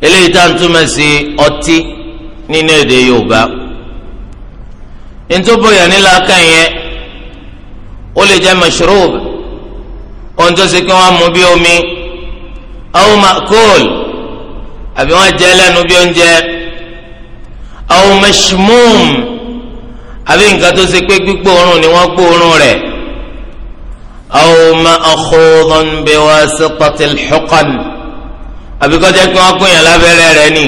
eléyìí tá à ń túmọ̀ sí ọtí nínú èdè yorùbá ntòbóyà nílá kàyẹn ó lè jẹ́ mashrub ohun tó ṣe kí wọ́n mú bí omi aw ma'kul àbí wọ́n jẹ́ lẹ́nu bí oúnjẹ aw mashmum àbí nǹkan tó ṣe pé gbígbóòórùn ni wọ́n gbóòórùn rẹ̀ aw ma'khudun biwasitatil huqan àbí kọjá pé wọn gún yàn lábẹ́rẹ́ rẹ̀ ni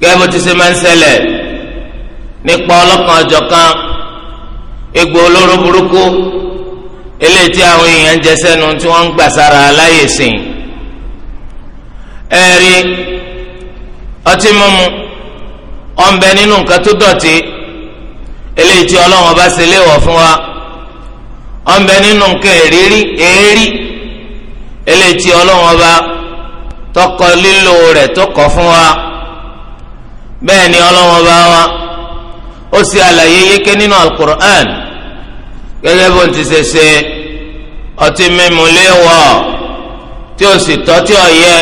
gẹ́gẹ́ bó ti ṣe máa ń ṣẹlẹ̀ nípa ọlọ́kan ọ̀jọ̀kan egbò olóró burúkú eléyìí tí àwọn èèyàn ń jẹ sẹ́nu tí wọ́n ń gbà sára láyè sìn ẹ̀rí ọtí mímu ọ̀nbẹ nínú nǹkan tó dọ̀tí eléyìí tí ọlọ́run ọba ṣe léèwọ̀ fún wa ọ̀nbẹ nínú nǹkan èrírí èérí eléyìí tí ọlọ́run ọba tọkọ lílo rẹ̀ tó kọ fún wa bẹ́ẹ̀ ni Ọlọ́hun bá wa ó sì àlàyé yéké nínú alukur'an gẹ́gẹ́ bó ti ṣe ṣe ọtí mímu léèwọ̀ tí ó sì tọ́ tí ó yẹ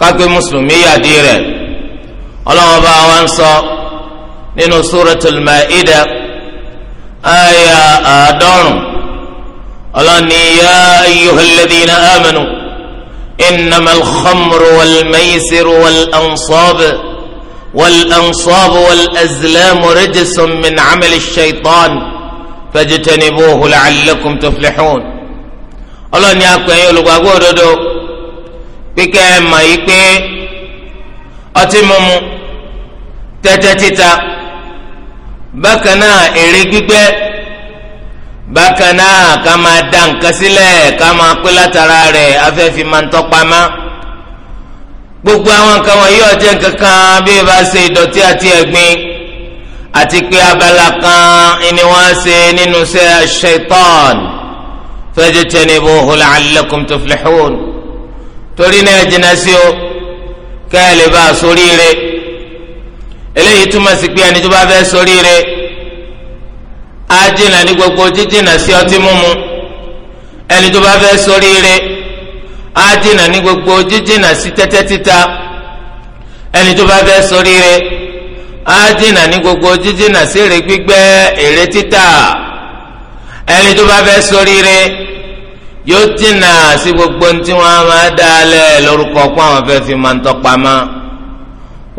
kápẹ́ mùsùlùmí yàdí rẹ̀ Ọlọ́hun bá wa ń sọ nínú suratul Maida aya àádọ́rùn ọlọ́ni yá ayyuhalladhina amanu. إنما الخمر والميسر والأنصاب والأنصاب والأزلام رجس من عمل الشيطان فاجتنبوه لعلكم تفلحون الله نياكو أيها ẹ̀yin olùgbàgbọ́ بك أما يكي أتمم تتتتا بكنا إريكي bákan náà ká máa dá nǹkan sílẹ̀ ká máa pé látara rẹ̀ afẹ́fì máa ń tọ́pamọ́ gbogbo àwọn nǹkan wọ̀nyí ọ̀jẹ̀ kankan bí ẹ bá ṣe ìdọ̀tí àti ẹ̀gbin àti pé abala kan ni wọ́n ṣe nínú iṣẹ́ ṣetán fajtanibuhu la'allakum tuflihun torí náà jìnnà sí o kẹ́ ẹ lè bá a sóríire eléyìí túmọ̀ sí pé ẹni tó bá fẹ́ sóríire. á jìnnà ní gbogbo jíjìnnà sí ọtí mímu ẹni tó bá fẹ́ ṣoríire á ní gbogbo jíjìnnà sí tẹ́tẹ́ títa ẹni tó bá fẹ́ ṣoríire á ní gbogbo jíjìnnà sí èrè gbígbẹ́ èrè títà ẹni tó bá fẹ́ ṣoríire yóò jìnnà sí gbogbo tí wọ́n máa dá a lórúkọ pé àwọn fẹ́ fi máa ń tọpa mọ́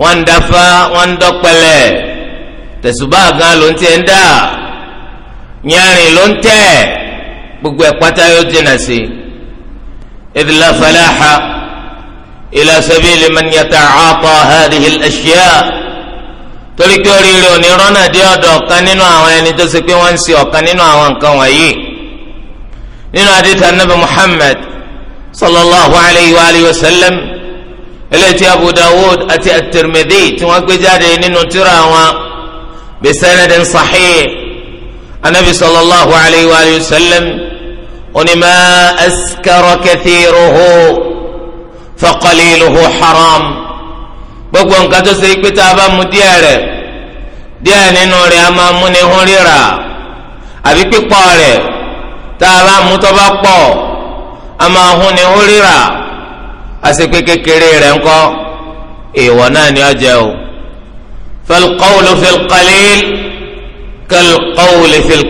wọ́n ń dáfá wọ́n yẹrin ló ń tẹ gbogbo ẹ̀pátá yóò dènà sí idh la falaha ila sabili man yata'ata hadhihi al-ashya' torí pé oríire òní rọ́nà dé ọ̀dọ̀ ọ̀kan nínú àwọn ẹni tó ṣe pé wọ́n ń ṣe ọ̀kan nínú àwọn nǹkan wọ̀nyí nínú adéta nabi Muhammad sallallahu alayhi wa alihi wa sallam eléyìí Abu Dawud àti at-Tirmidhi tí wọ́n gbé jáde nínú tírà wọn anabi sallallahu alayhi wa sallam onímọ̀ askaro kathiruhu faqaliluhu haram gbogbo nǹkan tó ṣe é pé tá a bá mu díẹ̀ rẹ̀ díẹ̀ nínú rẹ̀ a máa mú ni hún ríra àbí pípọ̀ rẹ̀ tá a bá mu tó bá a máa hún ni hún ríra àṣepé kékeré rẹ̀ ńkọ́ èèwọ̀ náà ni ó jẹ́ o fal qawlu kal-qawli fil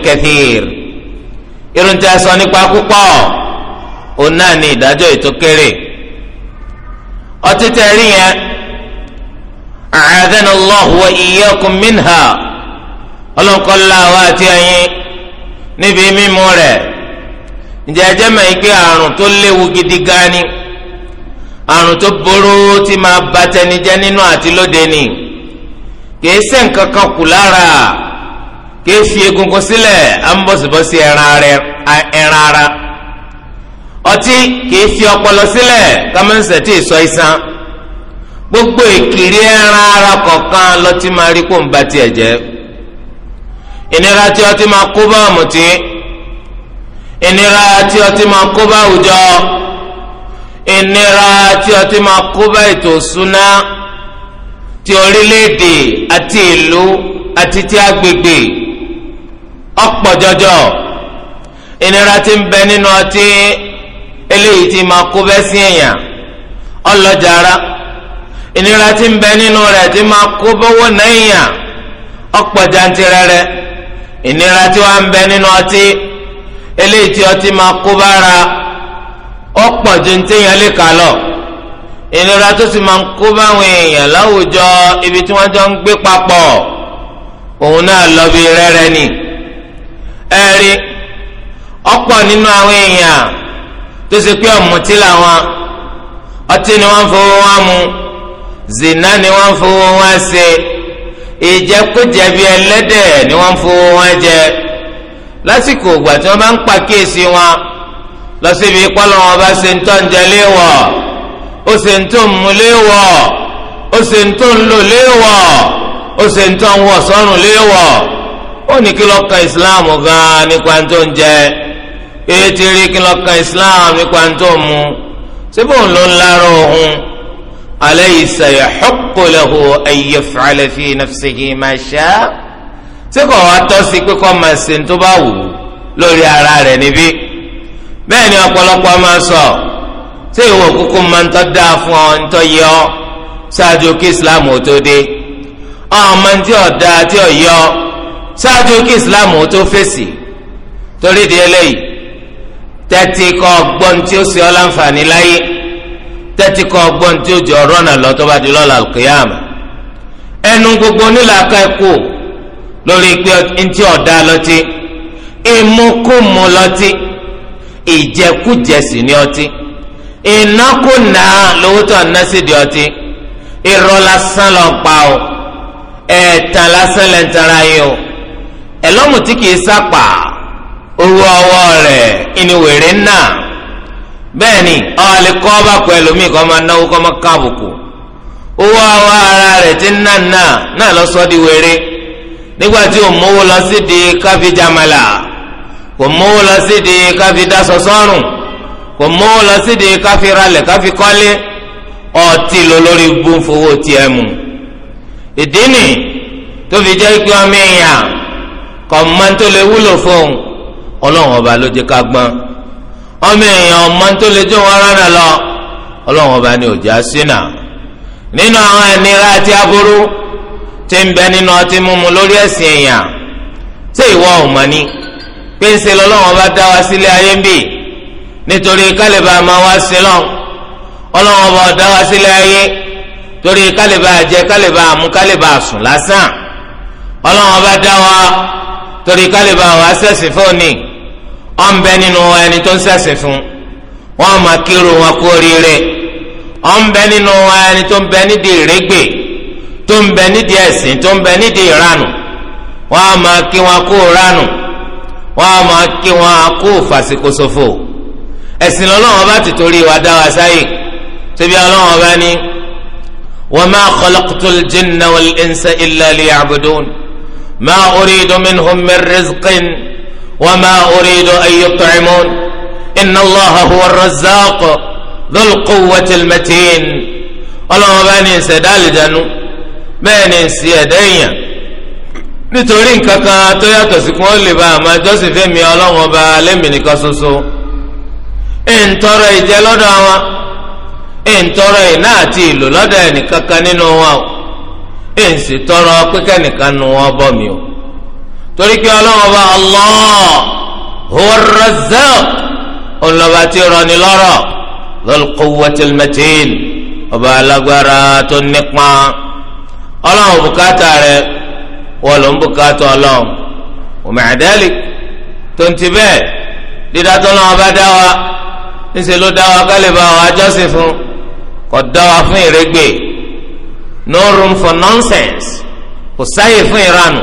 a sọ nípa púpọ̀ òun náà ni ìdájọ́ ètò kéré ọtí tẹ̀ rí yẹn wa iyyakum minha àti ẹ̀yin níbi mímú rẹ̀ ǹjẹ́ ẹjẹ́ mọ̀ ike àrùn tó léwu gidi gan ni àrùn tó boró tí máa nínú àti lóde ni kìí fi egungun sílẹ̀ à ń bọ̀sibọ̀si ẹran ara ọtí kìí fi ọpọlọ sílẹ̀ kámẹ́nsẹ̀ tí sọ gbogbo ìkiri ẹran ara kọ̀ọ̀kan lọ́tí máa rí kó ń ba tiẹ̀ jẹ́ ìnira tí ọtí máa kó bá ọ̀mùtí ìnira tí ọtí máa kó bá àwùjọ ìnira tí ọtí máa kó bá ètò ti orílẹ̀-èdè àti ìlú àti ti agbègbè. ọ̀pọ̀ jọjọ ìnira tí ń bẹ nínú ọtí eléyìí tí máa kó bẹ́ sí èèyàn ọlọ́jàrá ìnira tí ń bẹ nínú rẹ̀ tí máa kó bọ́wọ́ náyà ọ̀pọ̀ jantirẹrẹ ìnira tí wàá ń bẹ nínú ọtí eléyìí tí ọtí máa kó bára ọ̀pọ̀ ju ní lọ ìnira tó sì máa ń kó báwọn èèyàn láwùjọ ibi tí wọ́n jọ ń gbé papọ̀ òun náà lọ bí rẹ́rẹ́ ni. ẹ̀rí ọ̀pọ̀ nínú àwọn èèyàn tó ṣe pé ọ̀mùtí làwọn ọtí ni wọ́n fowó wọn mu zina ni wọ́n fowó wọn ṣe ìjẹkújẹ ẹlẹ́dẹ̀ ni wọ́n fowó wọn jẹ lásìkò ìgbà tí wọ́n bá ń pàkíyèsí wọn lọ síbi ìpọ́lọ́ wọn bá ṣe ń tọ́ ń jẹ léèwọ̀ ó ṣe ń tó ń mu ó ṣe ń tó ń lò ó ṣe ń tó ń ó ní kí ló kan islam gan nípa tó ń jẹ ètí rí kí ló kan islam nípa tó ń mu síbò ń lò ń lára òun alaysa yahuqqu lahu an yaf'ala fi nafsihi ma sha'a tí kò wá tọ́ sí pé kó máa ṣe tó bá wù ú lórí ara rẹ̀ níbí bẹ́ẹ̀ ni ọ̀pọ̀lọpọ̀ máa sọ tí ìwọ kúkú máa ń tọ́ dáa fún ọ ń tọ́ yẹ ọ ṣáájú kí islam ò tó dé ọmọ tí ọ̀ dáa tí ọ̀ yẹ ọ ṣáájú kí islam ó tó fèsì torí di eléyìí tẹ́tí kọ́ gbọ́n tí ó ṣe ọ́ láǹfààní láyé tẹ́tí kọ́ gbọ́n tí ó jọ rọ́nà lọ tó bá di lọ́la alqiyama ẹnu gbogbo onílàáká ẹ̀kú lórí pé ntí ọ̀dá lọ́tí ìmúkùmù lọ́tí ìjẹkújẹsì ní ọtí ìnákùnà lówótọ́ násìdí ọtí irọ́ lásán ọ ẹ̀ẹ̀tàn lásán lẹ́ntàn ra yín ẹlọ́mù tí kìí sápà owó ọwọ́ rẹ̀ ìní wèrè ńnà bẹ́ẹ̀ ni ọ̀ọ́lẹ̀ kọ́ bá kọ ẹlòmíì kọ́ máa náwó kọ́ máa káàbùkù owó ọwọ́ ara rẹ̀ ti ńnà ńnà náà lọ sọ́ di wèrè nígbà tí ò mówó lọ sí di káfí jamala kò mówó lọ sí di káfí dasọ sọ́rùn kò lọ sí di káfí ralẹ̀ káfí kọ́lé ọtí lọ lórí tiẹ̀ mu ìdí ni tó jẹ́ pé ọmọ èèyàn kọ mọ́tò lè wúlò fún ọlọ́run ọba ló jẹ́ ká gbọ́n ọmọ èèyàn mọ́tò lè jẹ́ wọn rárá lọ ọlọ́run ọba ni òjá sínà nínú àwọn ìnira àti aburú tí ń bẹ nínú ọtí mímu lórí ẹ̀sìn èèyàn tí ìwọ ò mọ̀ ni pé ń ṣe lọ́lọ́run ọba dá wa sílé ayé ń bì nítorí kálíbà máa wá sí lọ ọlọ́run ọba ọ̀dá wa sílé ayé torí kálíbà jẹ kálíbà mú kálíbà sùn lásán ọlọ́run ọba dá wa torí kálíbà wà sẹ̀sìn fóònì ọ̀n bẹ nínú ẹni tó ń sẹ̀sìn fún wọn máa kírun wọn kú oríire ọ̀n bẹ nínú ẹni tó ń bẹ nídìí ìrégbè tó ń bẹ nídìí ẹ̀sìn tó ń bẹ nídìí ìranù wọn máa kí wọn kú ranù wọn máa kí wọn kú fàṣíkòṣòfò ẹ̀sìn lọ́lọ́wọ́n bá ti torí wa dá wa sáyè ṣebí ọlọ́wọ́n bá ní wa ma khalaqtul jinna wal insa illa liya'budun. ما أريد منهم من رزق وما أريد أن يطعمون إن الله هو الرزاق ذو القوة المتين ọlọ́wọ́n bá ní ìṣẹ̀dá àlìjánu bẹ́ẹ̀ ní ìṣe ẹ̀dá èèyàn nítorí nǹkan kan tó yàtọ̀ sí kí wọ́n lè bá àmọ́ jọ́sìn fẹ́mi ọlọ́wọ́n bá lẹ́mìí nìkan ṣoṣo ìǹtọ́rọ̀ ìjẹ lọ́dọ̀ wọn ìǹtọ́rọ̀ ìná àti ìlò lọ́dọ̀ ẹnìkankan nínú wọn o ẹ̀ ń sì tọrọ pé kẹ́nìkan nu wọn bọ́ mi o torí pé ọlọ́wọ́n bá Allah huwa ar-razzaq ọlọ́ba tí ó rọni lọ́rọ̀ dhul quwwati al-matin ọba alágbára tó nípa ọlọ́wọ́n bùkátà rẹ wọ́n ló ń bùkátà ọlọ́wọ́n wa tó ń ti bẹ́ẹ̀ dídá tó lọ́wọ́ bá dá wa ńṣe ló dá wa kálí bá wa jọ́sìn fún kò dá wa fún ìrégbè no room for nonsense kò sáyè fún ìranù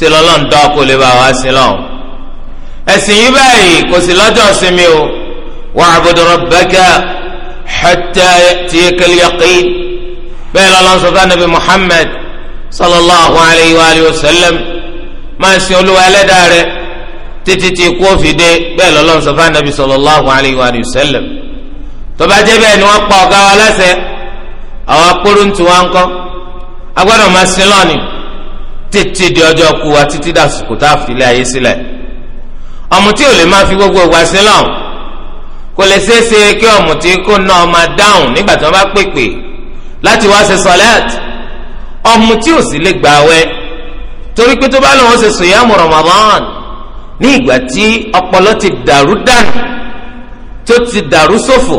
ṣe lọ́lọ́n dán kó lè bá wa sí lọ́wọ́ ẹ̀sìn yìí báyìí kò sí lọ́jọ́ sinmi o wa'bud rabbaka hatta ya'tiyakal yaqin bẹ́ẹ̀ lọ́lọ́n sọ fún anabi muhammad sallallahu alayhi wa alihi wa sallam máa sin olúwa ẹlẹ́dàá títí tí kú òfin bẹ́ẹ̀ lọ́lọ́n sọ fún sallallahu alayhi wa alihi wa sallam tó bẹ́ẹ̀ ni wọ́n pa ọ̀gá wa lẹ́sẹ̀ẹ́ àwọn akpọ́rọ̀ ń tu wá ńkọ́ agbọ́dọ̀ máa sin lọ́ọ̀nì tètè di ọjọ́ ku wa títí dàsìkò tá a fi lé ayé sílẹ̀ ọ̀mùtí ò lè máa fi gbogbo wa sin lọ́ọ̀ kò lè ṣeé ṣe kí ọ̀mùtí kó ná ọ máa dáhùn nígbà tí wọ́n bá pèpè láti wá ṣe sọlẹ́t ọ̀mùtí ò sì lè gbà wẹ́ torí pé tó bá lọ́wọ́ ṣe sòyàmù Ramadan ní ìgbà tí ọpọlọ ti dàrú dànù tó ti dàrú sófò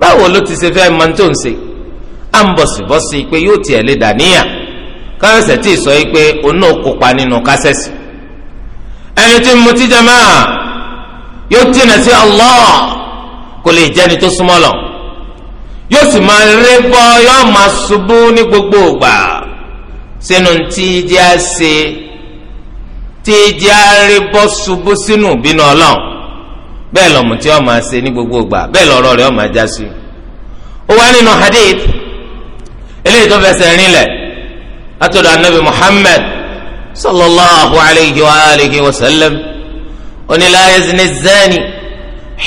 báwo ló ti ṣe fẹ́ mọ́ à ń bọ̀sibọ́sí pé yóò tiẹ̀ lè dàníyà níyà tí sọ yìí pé òun náà kópa nínú ẹni tí ń mutí jẹ máa yóò jìnà sí Allah kò lè jẹ́ni tó súnmọ́ lọ yóò sì máa ré bọ́ yóò máa ṣubú ní gbogbo ìgbà sínú tí eléyìí tó fẹsẹ̀ rinlẹ̀ látọ̀dọ̀ anabi muhammed sallallahu alayhi wa alihi wa sallam onílà yazni zani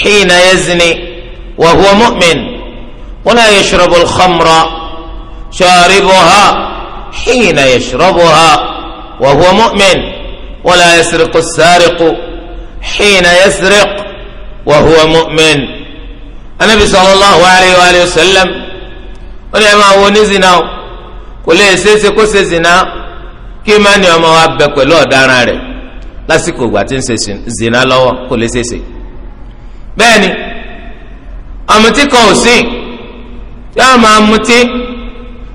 xiina yazni wa huwa mu'min wala yashrabu alkhamra sharibuha xiina yashrabuha wa huwa mu'min wala yasriqu sariqu xiina yasriq wa huwa mu'min anabi sallallahu alayhi wa alihi wa sallam. ó ní máa wo oníṣìnà o kò lè ṣeéṣe kó ṣe ṣìnà kí mani ọmọ wa bẹ pẹ̀lú ọ̀daràn rẹ̀ lásìkò ìgbà tí ń ṣe lọ́wọ́ kò lè ṣeéṣe ọ̀mùtí kan ò máa mutí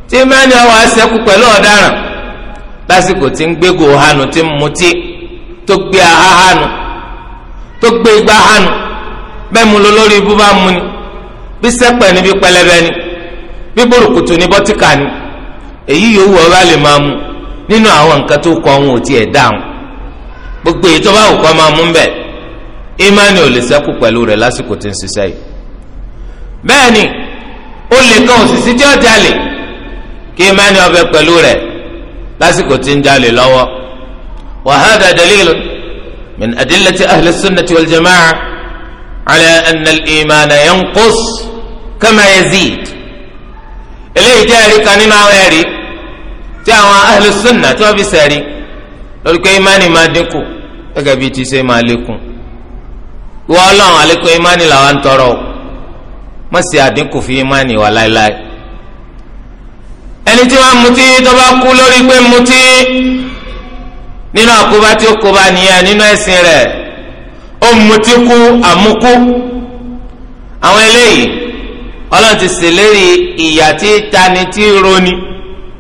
tí ọwọ́ pẹ̀lú ọ̀daràn lásìkò tí ń hanu tí ń mutí tó gbé aha hanu tó gbé igbá hanu mu ibú bá mu ni bí sẹ́pẹ̀ ni bí bí burúkutu ní bọ́tíkà ni èyí yòówù ọba lè máa mu nínú àwọn nǹkan tó kọ ohun ò tiẹ̀ dáhùn gbogbo èyí tó bá wù kọ́ máa mú bẹ́ẹ̀ imani ò lè ṣẹ́kù pẹ̀lú rẹ̀ lásìkò tí ń ṣiṣẹ́ yìí bẹ́ẹ̀ ni ó lè kan òṣìṣẹ́ tí ó jalè kí imani ọbẹ̀ pẹ̀lú rẹ̀ lásìkò tí ń jalè lọ́wọ́ wa hadha min adillati ahli sunnati wal jama'a ala anna al-imana yanqus kama eléyìí jẹ́ ẹ̀rí kan nínú àwọn ẹ̀rí tí àwọn ahlu sunna tí wọ́n fi sẹ̀rí lórí pé imáni máa dínkù gẹ́gẹ́ bíi ti ṣe máa lékún wọ́n ọlọ́run àlékún imáni làwọn ń tọrọ o má ṣe àdínkù fi imáni wà láéláé ẹni tí wọ́n mutí tó bá kú lórí pé mutí nínú àkóbá tí ó kóbá nìyẹn nínú ẹ̀sìn rẹ̀ ó mutí kú àmukú àwọn eléyìí ọlọ́run ti ṣèlérí ìyà tí tani tí roni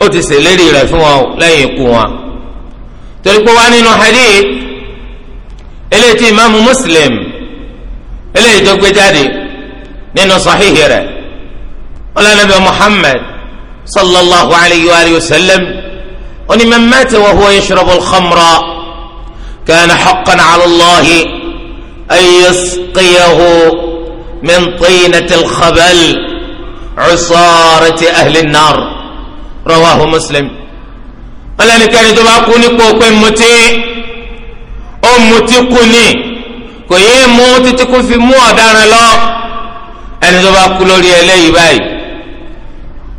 ó ti ṣèlérí rẹ̀ fún wọn lẹ́yìn ikú wọn. torí pé wá nínú hadith eléyìí tí imaamu muslim eléyìí tó gbé jáde nínú sahihi rẹ̀ ọlọ́run nabi muhammad sallallahu alayhi wa sallam oní man mata wa huwa yashrabu al-khamra kana haqqan ala من طينة الخبل عصارة أهل النار رواه مسلم قال لك أن تبقون قوكم متي أمتي كوني kò yé mú títí kó fi mú ọ̀daràn lọ ẹni tó bá kú lórí eléyìí báyìí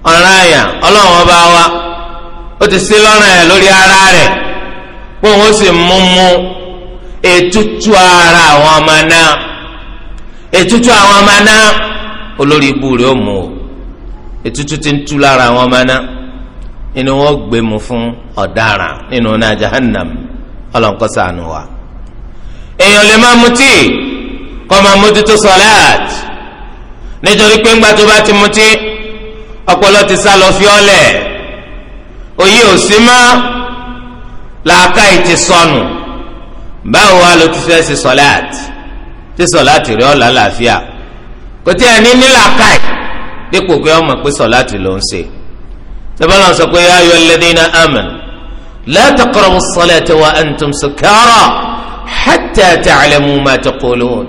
ọ̀ràn àyà ọlọ́run ọba wa ó ti sí lọ́rùn ẹ̀ lórí ara rẹ̀ pé òun ó sì mú mú ètùtù ara àwọn ọmọ náà ètùtù àwọn ọmọ aná olórí ibu rẹ̀ ó mú o ètùtù ti ń tú lára àwọn ọmọ aná inú wọn gbé mu fún ọ̀daràn nínú náà jahannam ọlọ́nkọ́sà ànú wa. èèyàn lè máa mutí kọ́ máa mójútó sọ́láàt nítorí pé ńgbà tó bá ti mutí ọpọlọ ti sá lọ fiọ́lẹ̀ òye ò sí mọ́ làákàyè ti sọnù báwo wá ló ti fẹ́ ṣe sọ́láàt tí sọláàtì rẹ ọ̀la làáfíà kò tí ẹ ní nílàkàì dípò pé ọmọ pé sọláàtì ló ń ṣe sábàlá sọ pé ya ayyuhal ladhina amanu la taqrabu as-salata wa antum sukara hatta ta'lamu ma taqulun.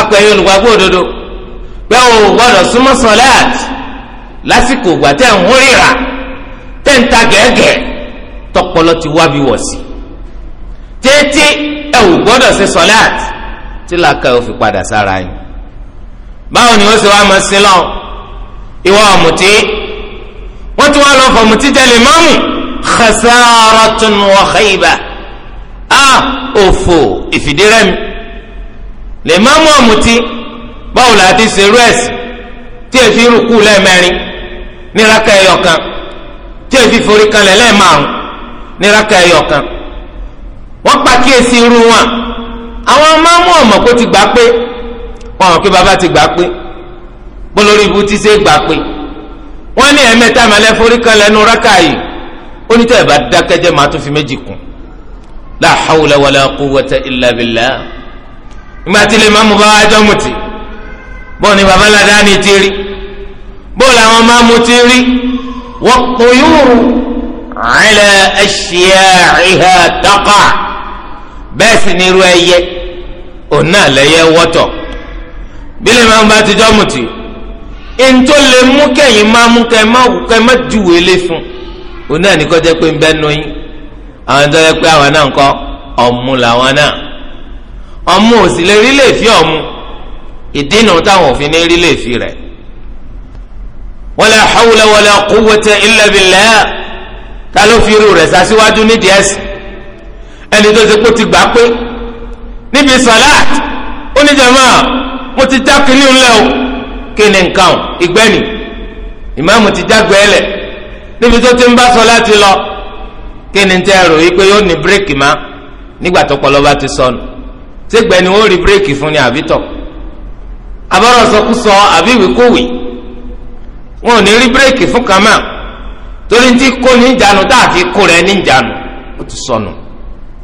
akọ̀yìn olùgbàgbọ́ òdodo pé o gbọ́dọ̀ súnmọ́ sọláàtì lásìkò ìgbà tẹ̀ ń hórìrà tẹ̀ ń ta gẹ́gẹ́ tọpọlọ ti wábi wọ̀ sí tètè ẹ ò gbọ́dọ̀ ṣe sọláàtì tí làákà yóò fi padà sára yìí báwo ni wọ́n ṣe wá máa sin lọ ìwọ ọ̀mùtí wọ́n ti wá lọ fọ ọ̀mùtí tẹ̀lé mọ́mù khasaratun wa khayba a òfò ìfìdírẹ́mi lè mọ́mù ọ̀mùtí báwo la ti ṣe rú tí èfi rúkú lẹ́ẹ̀mẹ́rin ní raka ẹ̀yọ̀kan tí èfi forí kanlẹ̀ lẹ́ẹ̀márùn ní raka ẹ̀yọ̀kan wọ́n pa kíyèsí irú wọn àwọn máàmù ọmọ kó ti gbà pé wọn ò pé bàbá ti gbà pé bólórí ibu ti ṣe gbà pé wọn ní ẹ̀mẹ́ta mẹlẹ forí kan lẹ́nu rákà yìí onítẹ̀ bá dákẹ́jẹ́ máa tún fi méjì kún la hawla wala quwwata illa ìgbà tí lè máàmù bá wá jọ mùtì bó ni bàbá ni ti rí bó làwọn máàmù ti rí wọ́n kúyúrú ala ashya'iha taqa bẹ́ẹ̀ sì ni irú ẹyẹ òun náà lẹyẹ wọtọ bílẹ̀ máa ń bá tijọ́ mutí ntó lè mú kẹ́yìn máa mú kẹ́yìn máa kú kẹ́yìn máa ju wèlé fún òun náà ní kọjá pé ń bẹ́ nu yín àwọn tó yẹ pé àwọn náà ń kọ́ ọ̀mù làwọn náà ọ̀mù ò sì lè rí lè fi ọ̀mù ìdínà táwọn òfin ní rí lè fi rẹ̀ wala hawla wala quwwata illa ta ló fi irú rẹ̀ sá nídìí ẹ̀sìn ẹni tó ti kó ti gbà pé níbi sọláàt oníjàmá mo ti já kínní ńlẹ o kíni nǹkan ìgbẹ́ni ìmáàmù ti já gbẹ́lẹ̀ níbi tó ti ń bá sọláàt lọ kíni tẹ́ ẹ rò yí pé yóò ní bírèkì má nígbà tó pọ̀ lọ́ba ti sọnù ṣégbẹ́ ni wọ́n rí bírèkì fún ni àbítọ̀ abọ́rọ̀ sọkúsọ àbí ìwíkúwì wọn ò ní rí bírèkì fún kàmá torí ti kó ní tá a fi kó rẹ ní ó ti sọnù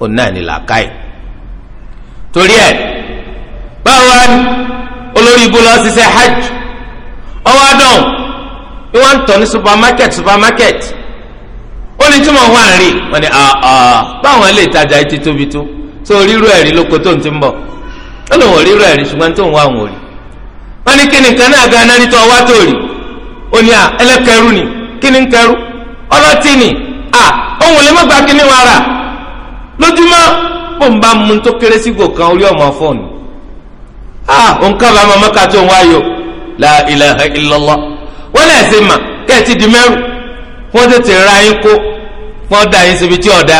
òun náà ní làákàyè. torí ẹ̀ báwọn wá ní olórí ibú lọ ṣiṣẹ́ hajj ọwọ́ àdán ni wọ́n ń tọ̀ ní supermarket supermarket ó ní tí mo wá ń rí wọ́n ni ah, ah, báwọn ilé ìtajà yìí tóbi tó tó ríru ẹ̀rí lóko tó ń ti ń bọ̀ ó lóun ò ẹ̀rí ṣùgbọ́n tó ń àwọn òrì wọ́n ní kí ni nǹkan náà gan-an ní tó ó ní à ẹlẹ́kẹrú ni kí ń kẹrú ọlọ́tí ni à òun ò lè má gba wàrà lójúmọ́. bó ń bá mu tó kéré sí gò kan orí ọmọ fóònù ah ònkà bá mọ mọ́ka tó ń wáyò la ilaha illallah wọ́n lè ṣe mà kẹ́ẹ̀tì di mẹ́rù wọ́n tètè ra yín kó wọ́n da yín síbi tí ọ̀dà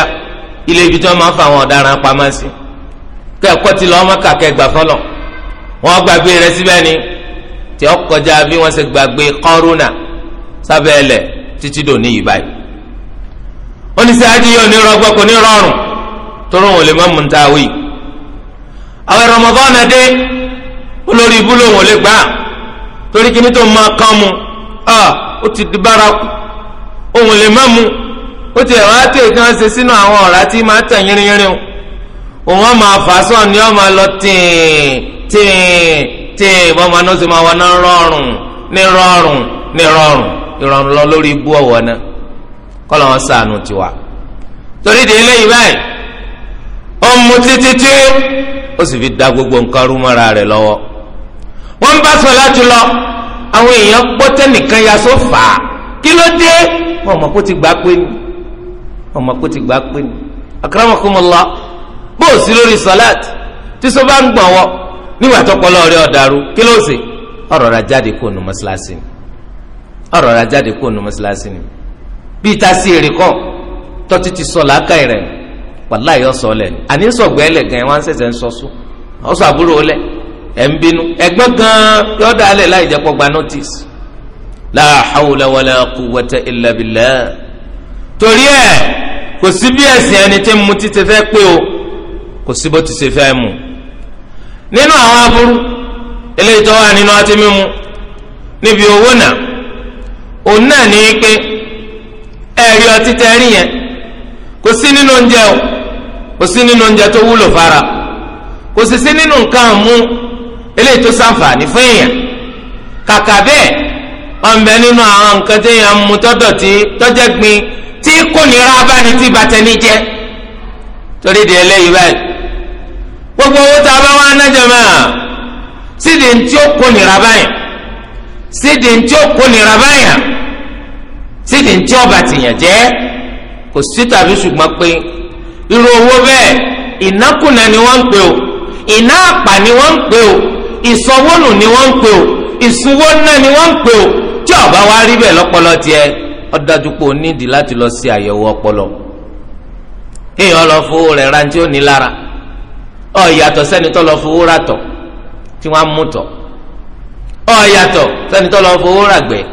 ilé ibi tí wọ́n máa ń fa àwọn ọ̀daràn pamọ́ sí kẹ́ẹ̀kọ́ ti lọ́ mọ́ka kẹ́ẹ̀gbà fọlọ́ wọ́n gbàgbé rẹ síbẹ̀ ni tí ó kọjá bí wọ́n ṣe gbàgbé kọ́rùnà sábẹ́ ẹlẹ̀ títí dòní yìí báyìí. ó ní sẹ́ adìyẹ ò ní kò ní rọrùn tọrọ wọn lè má mú ta wí. àwọn Ramadan náà dé olórí ibú lòun ò lè gbà torí kí ni tó máa kán mu ó ti di bárakú òun lè má mu ó ti ẹ̀rọ àti ètò ṣe sínú àwọn ọ̀rá tí máa tẹ̀ yínrínyínrín o òun máa fà sàn ni ó máa lọ tìǹ tìǹ tìǹ bọ́n máa náà sì máa wọ ní rọrùn ní rọrùn ní rọrùn ìrọ̀rùn lọ lórí ibú ọ̀wọ́ náà kọ́ lọ́wọ́ sànù tiwa torí de eléyìí báyìí ó ń mu títí ó sì fi da gbogbo nǹkan rú mọ́ra rẹ̀ lọ́wọ́ wọ́n bá sọ láti lọ àwọn èèyàn gbọ́ tẹ́nìkan ya sófà kí ló dé wọn mọ̀ kó ti gbà pé ni wọn kó ti gbà pé ni akramakumullah bó o sí lórí sọláàtì tí sọ bá ń gbọ̀n wọ nígbà tó pọ̀ lọ́ọ̀rẹ́ ọ̀dàrú kí ló ṣe ọ̀rọ̀ ra jáde kó nu mọ́ṣáláṣí ni ọ̀rọ̀ ra jáde kó nu mọ́ṣáláṣí ni bíi tá a sì kọ́ tọ́tí ti sọ làákàyè rẹ̀ wàláì yọ sọ lẹ àní sọgbẹ lẹ gan wọn ṣẹ̀ṣẹ̀ ń sọsọ ọsọ àbúrò lẹ ẹ ń bínú ẹ̀gbọ́n gan yọ dá lẹ láì jẹ gba notice la hawla wala quwwata illa billah torí ẹ kò sí bí ẹsìn ẹni tí ń mu ti fẹ́ pé o kò sí bó ti ṣe fẹ́ mu nínú àwọn aburú eléyìí tó wà nínú ọtí mímu níbi owó náà òun náà ní í pé ẹ̀rí ọtí tẹ́rí yẹn kò sí nínú oúnjẹ o. kò sí nínú oúnjẹ tó wúlò fara kò sì sí nínú nǹkan mú eléyìí tó ṣàǹfààní fún èèyàn kàkà bẹ́ẹ̀ wọn bẹ nínú àwọn nǹkan tó yàn mú tọ́dọ̀ tí tọ́jẹ́ gbin tí kò nira bá ní tí bàtẹ́ ní jẹ́ torí di eléyìí báyìí gbogbo owó tá a bá wá nájà máa sídi ntí ó kò nira báyìí sídi ntí ó kò nira báyìí sídi ntí ó bàtìyàn jẹ́ kò sí tàbí ṣùgbọ́n pé. irú owó bẹ́ẹ̀ ìnákùná ni wọ́n ń o ìná àpà ni wọ́n ń o ìsọwọ́nù ni wọ́n ń pè o ìsúwọ́nà ni wọ́n ń o tí ọba wa rí bẹ́ẹ̀ lọ́pọlọ tiẹ̀ ó dájú pé o nídìí láti lọ sí àyẹ̀wò ọpọlọ kéèyàn lọ fowó rẹ̀ ra tí ó ní lára ọ yàtọ̀ sẹ́ni tó lọ fowó rà tọ̀ tí wọ́n á mú tọ̀ ọ yàtọ̀ sẹ́ni tó lọ fowó rà gbẹ̀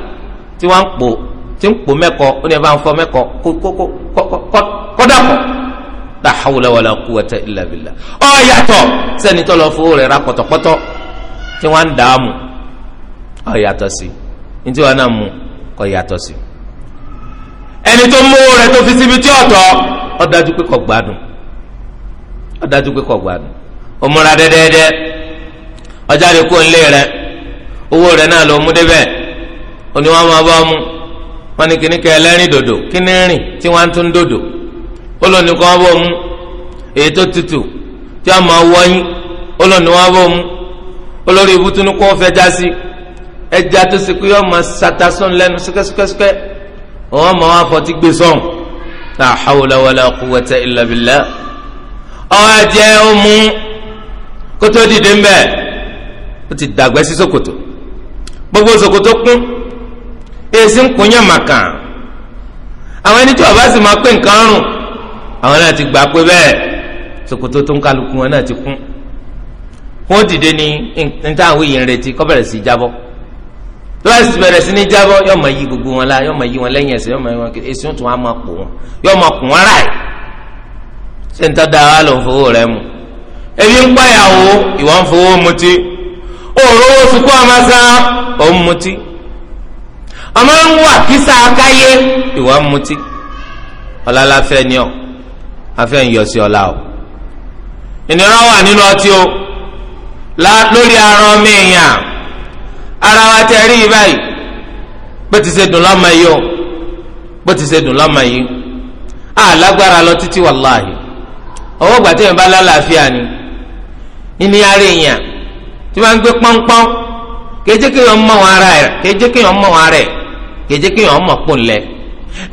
tí wọ́n á pò tí ń bá ń fọ kó la hawla wala quwwata illa billah ọ yàtọ̀ sẹ́ni tó lọ fowó rẹ̀ ra pọ̀tọ̀pọ̀tọ̀ tí wọ́n ń dààmú ọ yàtọ̀ sí ní tí wọ́n náà mú kọ yàtọ̀ sí. ẹni tó mú rẹ̀ tó fi síbi tí ọ̀tọ̀ ọ dájú pé kò gbádùn ọ dájú pé kò gbádùn ó dẹ́dẹ́dẹ́ ọjà rẹ̀ kó nílé rẹ̀ owó rẹ̀ náà ló mú débẹ̀ oníwàmọ̀ abọ́ wọn ni kìnnìkan ẹlẹ́rìn dòdò kìnnìrìn tí wọ́n tún dòdò olóòní kan bọ̀ mu èyí tó tutù tí a máa wọ́yìn olóòní wọn bọ̀ mu olórí ibùtún ni kò fẹ́ já sí ẹja tó sì kú yọ máa sata sọ́n lẹ́nu sẹ́kẹ́sẹ́kẹ́sẹ́kẹ́ wọ́n máa wá fọtí gbé sọ́n la hawla wala quwwata illa billah ọ̀hún ẹ̀jẹ̀ ó mú kótó dìde ńbẹ ó ti dàgbẹ́ sí ṣòkòtò gbogbo ṣòkòtò kún èsì ń kún àwọn ẹni tí wàá bá sì máa pé nǹkan rùn àwọn náà ti gbà pé bẹ́ẹ̀ ṣòkòtò tó ń kálukú wọn náà ti kún wọn dìde ní níta àwọn èèyàn retí kọ́ bẹ̀rẹ̀ sí í jábọ́ tó bá sì bẹ̀rẹ̀ sí ní jábọ́ yóò máa yí gbogbo wọn la yóò máa yí wọn lẹ́yìn ẹsẹ̀ yóò máa yí wọn kiri èsì tún á máa pò wọn yóò máa kùn wọn ráì ṣé ń tọ́da wa ló fowó rẹ mu ebi ń pàyàwó ìwọ ń fowó mutí òróró sukú ọmọ sàn ó ń mutí ọmọ ń wà kísà káyé ìwọ ń mutí ọlọ́láfẹ́ ni ọ́ afẹ́ ń yọ o ìnira wà nínú ọtí o lórí ara ọmọ èèyàn ara wa tẹ rí i báyìí bó ti ṣe dùn o bó ti ṣe dùn lọ́mọ a lágbára lọ títí wàláhì ọwọ́ ìgbà bá lálàáfíà ni ìní ara èèyàn tí wọ́n ń gbé pọ́npọ́n kéje kéèyàn mọ̀ wọn ara kéje kéèyàn mọ̀ ara kéje kéèyàn mọ̀ pọ̀ ńlẹ̀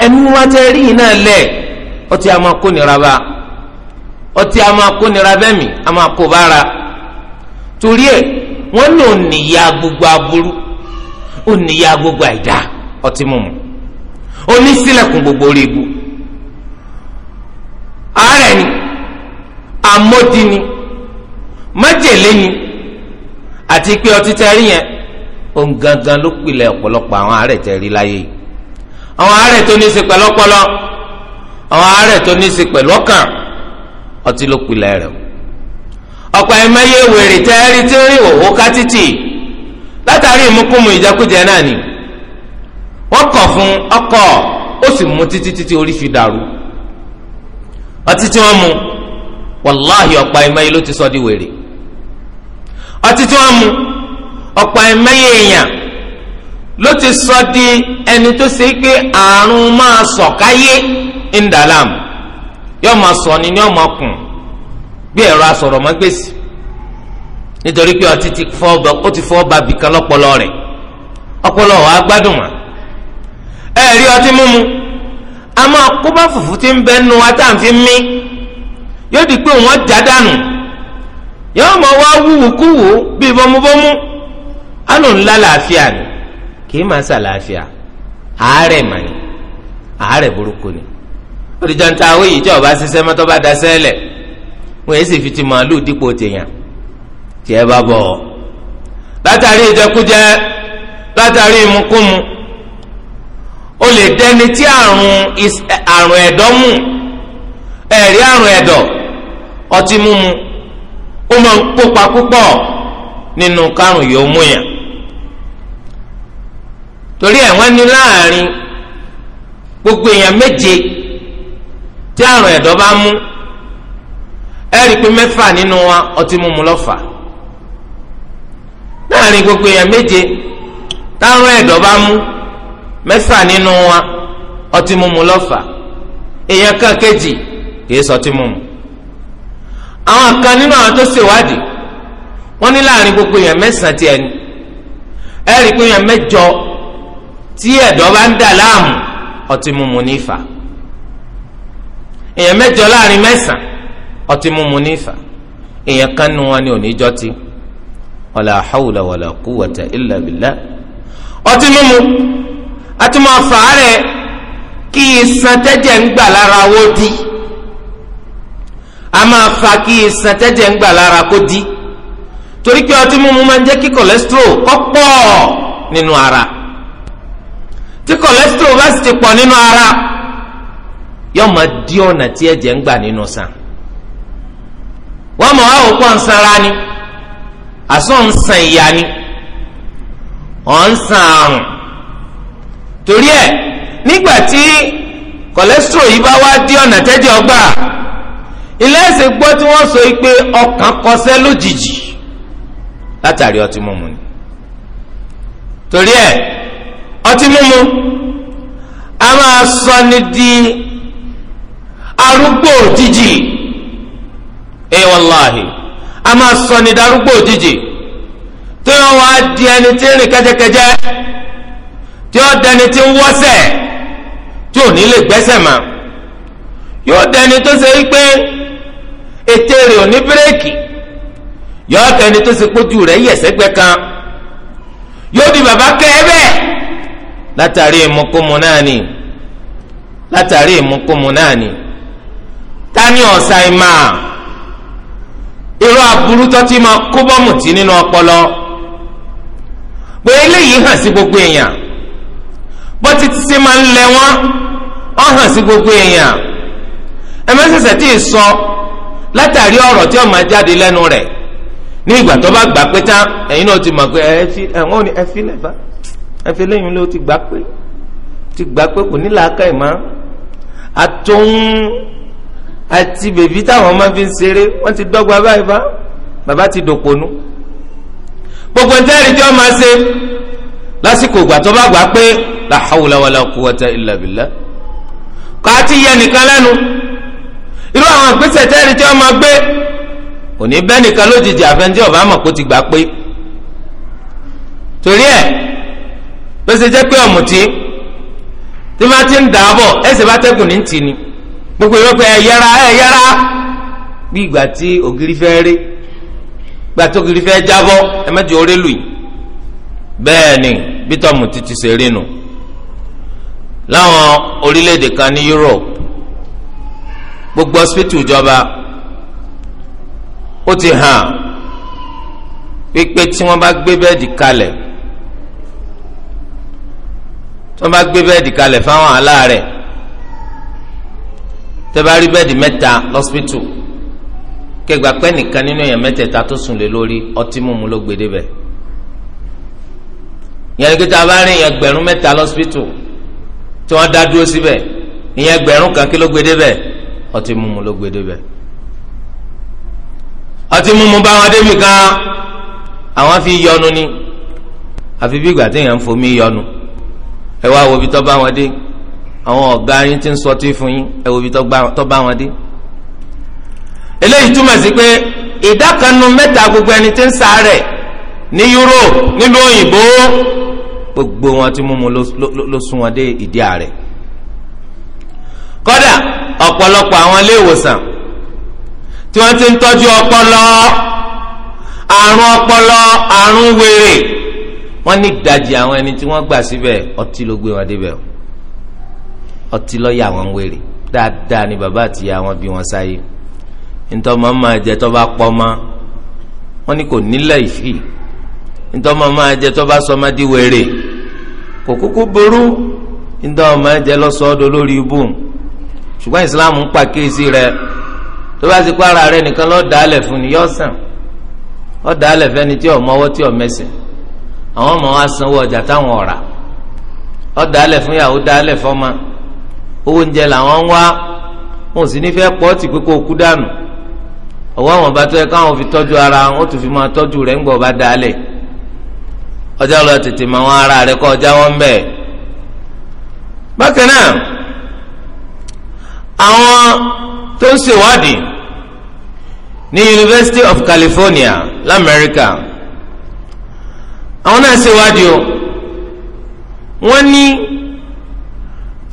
ẹnu wa tẹ rí i náà lẹ̀ ọtí a máa kó nira bá ọtí a máa kó nira bẹ́ẹ̀ mi a máa kó bára torí ẹ̀ wọ́n ní ònìyà gbogbo aburú ònìyà gbogbo àìdá ọtí mímu onísílẹ̀kùn gbogbo orí ibu ni amódi ni májèlé ni àti pé ọtí tẹ́rí yẹn òun gangan ló pilẹ̀ ọ̀pọ̀lọpọ̀ àwọn àárẹ̀ tẹ́rí láyé àwọn àárẹ̀ tó ní í ṣe pẹ̀lọ́pọ̀lọ́ àwọn àárẹ̀ tó ní í ṣe pẹ̀lú ọkàn ọtí ló pilẹ̀ rẹ̀ ọ̀pọ̀ ẹ̀mẹ́yẹ wèrè tẹ́ẹ́rí tí ó rí òwò ká títì látàrí ìmúkúmu ìjẹkújẹ náà ni wọ́n kọ̀ fún ọkọ̀ ó sì mú títí títí orí fi dàrú ọtí tí wọ́n mu wàláhì ọ̀pọ̀ ẹ̀mẹ́yẹ ló ti sọ di wèrè ọtí tí wọ́n mu ọ̀pọ̀ ẹ̀mẹ́yẹ èèyàn ló ti sọ di ẹni tó ṣe pé àrùn máa sọ̀káyé. So ndalam yóò ma sọ ni yóò máa kùn bí ẹ̀rọ asọ̀rọ̀mágbèsì nítorí pé ọtí ti fọ ó ti fọ́ bìkan ọpọlọ wa gbádùn wa ẹ rí ọtí a máa kó bá fùfú tí ń bẹ nu wa tá à ń fi mí yóò di pé já dànù wá bíi ńlá làáfíà ni kì í ṣàlàáfíà àárẹ̀ mà olùjọ́ntà awé yìí tí ọba ṣiṣẹ́ mọ́tọ́ bá da sẹ́lẹ̀ wọ́n yẹ sì fi ti màálù dípò tèèyàn tí ẹ bá bọ̀ ọ́ látàrí ìjẹkújẹ látàrí ìmukúmu ó lè dẹni tí àrùn ẹ̀dọ̀ mú ẹ̀rí àrùn ẹ̀dọ̀ ọtí mímu ó máa kópa púpọ̀ nínú kárùn yóò mú yàn torí ẹ̀ wọ́n ní láàrin gbogbo èèyàn méje. tí àrùn ẹ̀dọ́ bá mú ẹ rí i pé mẹ́fà nínú wa ọtí mímu lọ́fà láàrin gbogbo èèyàn méje táwọn ẹ̀dọ́ bá mú mẹ́fà nínú wa ọtí mímu lọ́fà èèyàn kan kejì kìí sọtí mímu àwọn kan nínú àwọn tó ṣèwádìí wọ́n ní láàrin gbogbo èèyàn mẹ́sàn-án ti ẹni ẹ rí i pé èèyàn mẹ́jọ tí ẹ̀dọ́ bá ń dà láàmú ọtí mímu nífà. èèyàn mẹ́jọ láàrin mẹ́sàn ọtí mímu nífà èèyàn kan nu wọn ni ò ní jọ ti wàlà hawla wàlà quwwata illa billah ọtí mímu àti máa fà á rẹ kí iṣan tẹ́jẹ̀ ń gbà lára wó di a máa fa kí iṣan tẹ́jẹ̀ ń gbà lára kó di torí pé ọtí mímu máa ń jẹ́ kí cholesterol kó pọ̀ nínú ara tí cholesterol bá sì ti pọ̀ nínú ara yóò máa di ọ̀nà tí ẹ̀jẹ̀ ń gbà nínú sàn wọ́n mọ̀ wá òkú ọ̀nsára ni àsọ̀ ń san ìyá ni ọ̀nsán àrùn torí ẹ̀ nígbà tí cholesterol yìí bá wá di ọ̀nà tẹ́jẹ̀ ọgbà ilé ẹ̀sìn gbọ́ tí wọ́n sọ pé ọkàn kọsẹ́ lójijì látàrí ọtí mímu ni torí ẹ̀ ọtí mímu a máa sọ ni di arúgbó òjijì ẹ wàláhì a máa sọ ní darúgbó òjijì tí wọn wá di ẹni tí ń rìn kẹ́jẹ́kẹ́jẹ́ tí ó dẹni tí ń wọ́sẹ̀ tí ò ní lè gbẹ́sẹ̀ mọ́ yóò dẹni tó ṣe wípé ètè rẹ̀ ò ní bírèkì yóò dẹni tó ṣe pójú rẹ̀ yẹ̀sẹ̀gbẹ́ kan yóò di bàbá kẹ́ ẹ bẹ́ẹ̀ látàrí ìmúkúmu náà ni látàrí ìmúkúmu náà ni tani ọ̀sà ìmà irú aburú tó ti máa kó bọ́ọ̀mù tí nínú ọpọlọ pé eléyìí hàn sí gbogbo èèyàn bó títí sí máa ń lẹ wọn ọ hàn sí gbogbo èèyàn ẹmẹsẹsẹ tí ì sọ látàrí ọ̀rọ̀ tí ó máa jáde lẹ́nu rẹ̀ ní ìgbà tó bá gbà pé tán ẹ̀yin náà ti mọ̀ pé ẹ fi ẹwọn ni ẹ fi lẹfa ẹ fi lẹ́yìn ló ti gbà pé ti gbà pé kò ní làákà ìmọ̀ àtòun àti bèbí táwọn máa fi ń ṣeré wọ́n ti dọ́gba báyìí bá bàbá ti dòpònú gbogbo ntẹ́rì tí wọ́n máa ṣe lásìkò ìgbà bá gbà pé la hawla wala quwwata illa billah kọ́ àti yẹ nìkan lẹ́nu irú àwọn ìgbésẹ̀ tẹ́rì tí wọ́n máa gbé òní bẹ́ẹ̀ nìkan lójijì àfẹnjẹ́ ọ̀bá mọ̀ kó ti gbà pé torí ẹ̀ ló jẹ́ pé ọ̀mùtí tí wọ́n ti ń dàbọ̀ ẹ̀sẹ̀ bá tẹ́gùn ní ti ni. Tini gbogbo yóò pé ẹ yẹra ẹ yẹra bí ìgbà tí ògiri fẹ́ rí ìgbà tí ògiri fẹ́ jábọ́ ẹ mẹ́jọ orí lù yìí bẹ́ẹ̀ ni bítọ́mù títí ṣe rí nu láwọn orílẹ̀-èdè kan ní Europe gbogbo hospital ìjọba ó ti hàn pípé tí wọ́n bá gbé bẹ́ẹ̀dì kalẹ̀ tí wọ́n bá gbé bẹ́ẹ̀dì kalẹ̀ fáwọn aláàárẹ̀ tẹ́bárí bẹ́ẹ̀dì mẹ́ta lọ́sípítù kẹgbà pẹ́ nìkan nínú èèyàn mẹ́tẹ̀ẹ̀ta tó sùn lé lórí ọtí mímu ló gbé débẹ̀ ìyẹn ní kíta bá rí èèyàn gbẹ̀rún mẹ́ta lọ́sípítù tí wọ́n dá dúró síbẹ̀ ìyẹn gbẹ̀rún kan kí ló gbé débẹ̀ ọtí mímu ló gbé débẹ̀ ọtí mímu bá wọn débi kan àwọn fi yọnu ni àfi bí ìgbà téèyàn ń fomi yọnu ẹ wá wo ibi tó bá wọn dé àwọn ọ̀gá yín ti ń sọtí fún yín ẹ wo ibi tó bá wọn dé eléyìí túmọ̀ sí pé ìdá kan nínú mẹ́ta gbogbo ẹni tí ń ṣàárẹ̀ ní Europe nílùú òyìnbó gbogbo wọn ti múmu ló sún wọn dé ìdí àárẹ̀ kódà ọ̀pọ̀lọpọ̀ àwọn ilé ìwòsàn tí wọ́n ti ń tọ́jú ọpọlọ àrùn ọpọlọ àrùn wèrè wọ́n ní ìdajì àwọn ẹni tí wọ́n gbà síbẹ̀ ọtí ló gbé wọn débẹ̀ o ọtí lọ́ọ́ yà wọ́n wèrè dáadáa ni bàbá àti ìyá wọn bí wọn sáyé nítorí ma, máa jẹ tó bá pọ́ mọ́ wọn ni kò nílẹ̀ ìfì nítorí wọn máa jẹ tó bá sọmọdé wèrè kò kúkú burú nítorí wọn máa lọ́sọ̀ọ́dọ̀ lórí ibù ṣùgbọ́n ìsìláàmù ń pàkíyèsí rẹ tó bá ti kó ara rẹ nìkan lọ́ọ́ dálẹ̀ fún ni yóò sàn ọ́ dálẹ̀ fẹ́ni tí ò mọ́wọ́ tí ò mẹ́sìn àwọn ọmọ wa sanwó ọjà táwọn ọ̀rà ọ́ dálẹ̀ fún yàwó dálẹ̀ fọ́mọ owó oúnjẹ làwọn ń wá wọn ò sì ní fẹ́ pọ́ tì pé kó o kú dànù ọwọ́ àwọn bá tó yẹ káwọn fi tọ́jú ara wọn tún fi máa tọ́jú rẹ̀ ńgbọ̀ bá dalẹ̀ ọjà lọ tètè mọ àwọn ara rẹ̀ kọ́ ọjà wọn bẹ́ẹ̀. bákan àwọn tó ń ṣèwádìí ní University of California lamẹ́ríkà àwọn náà ṣèwádìí o wọ́n ní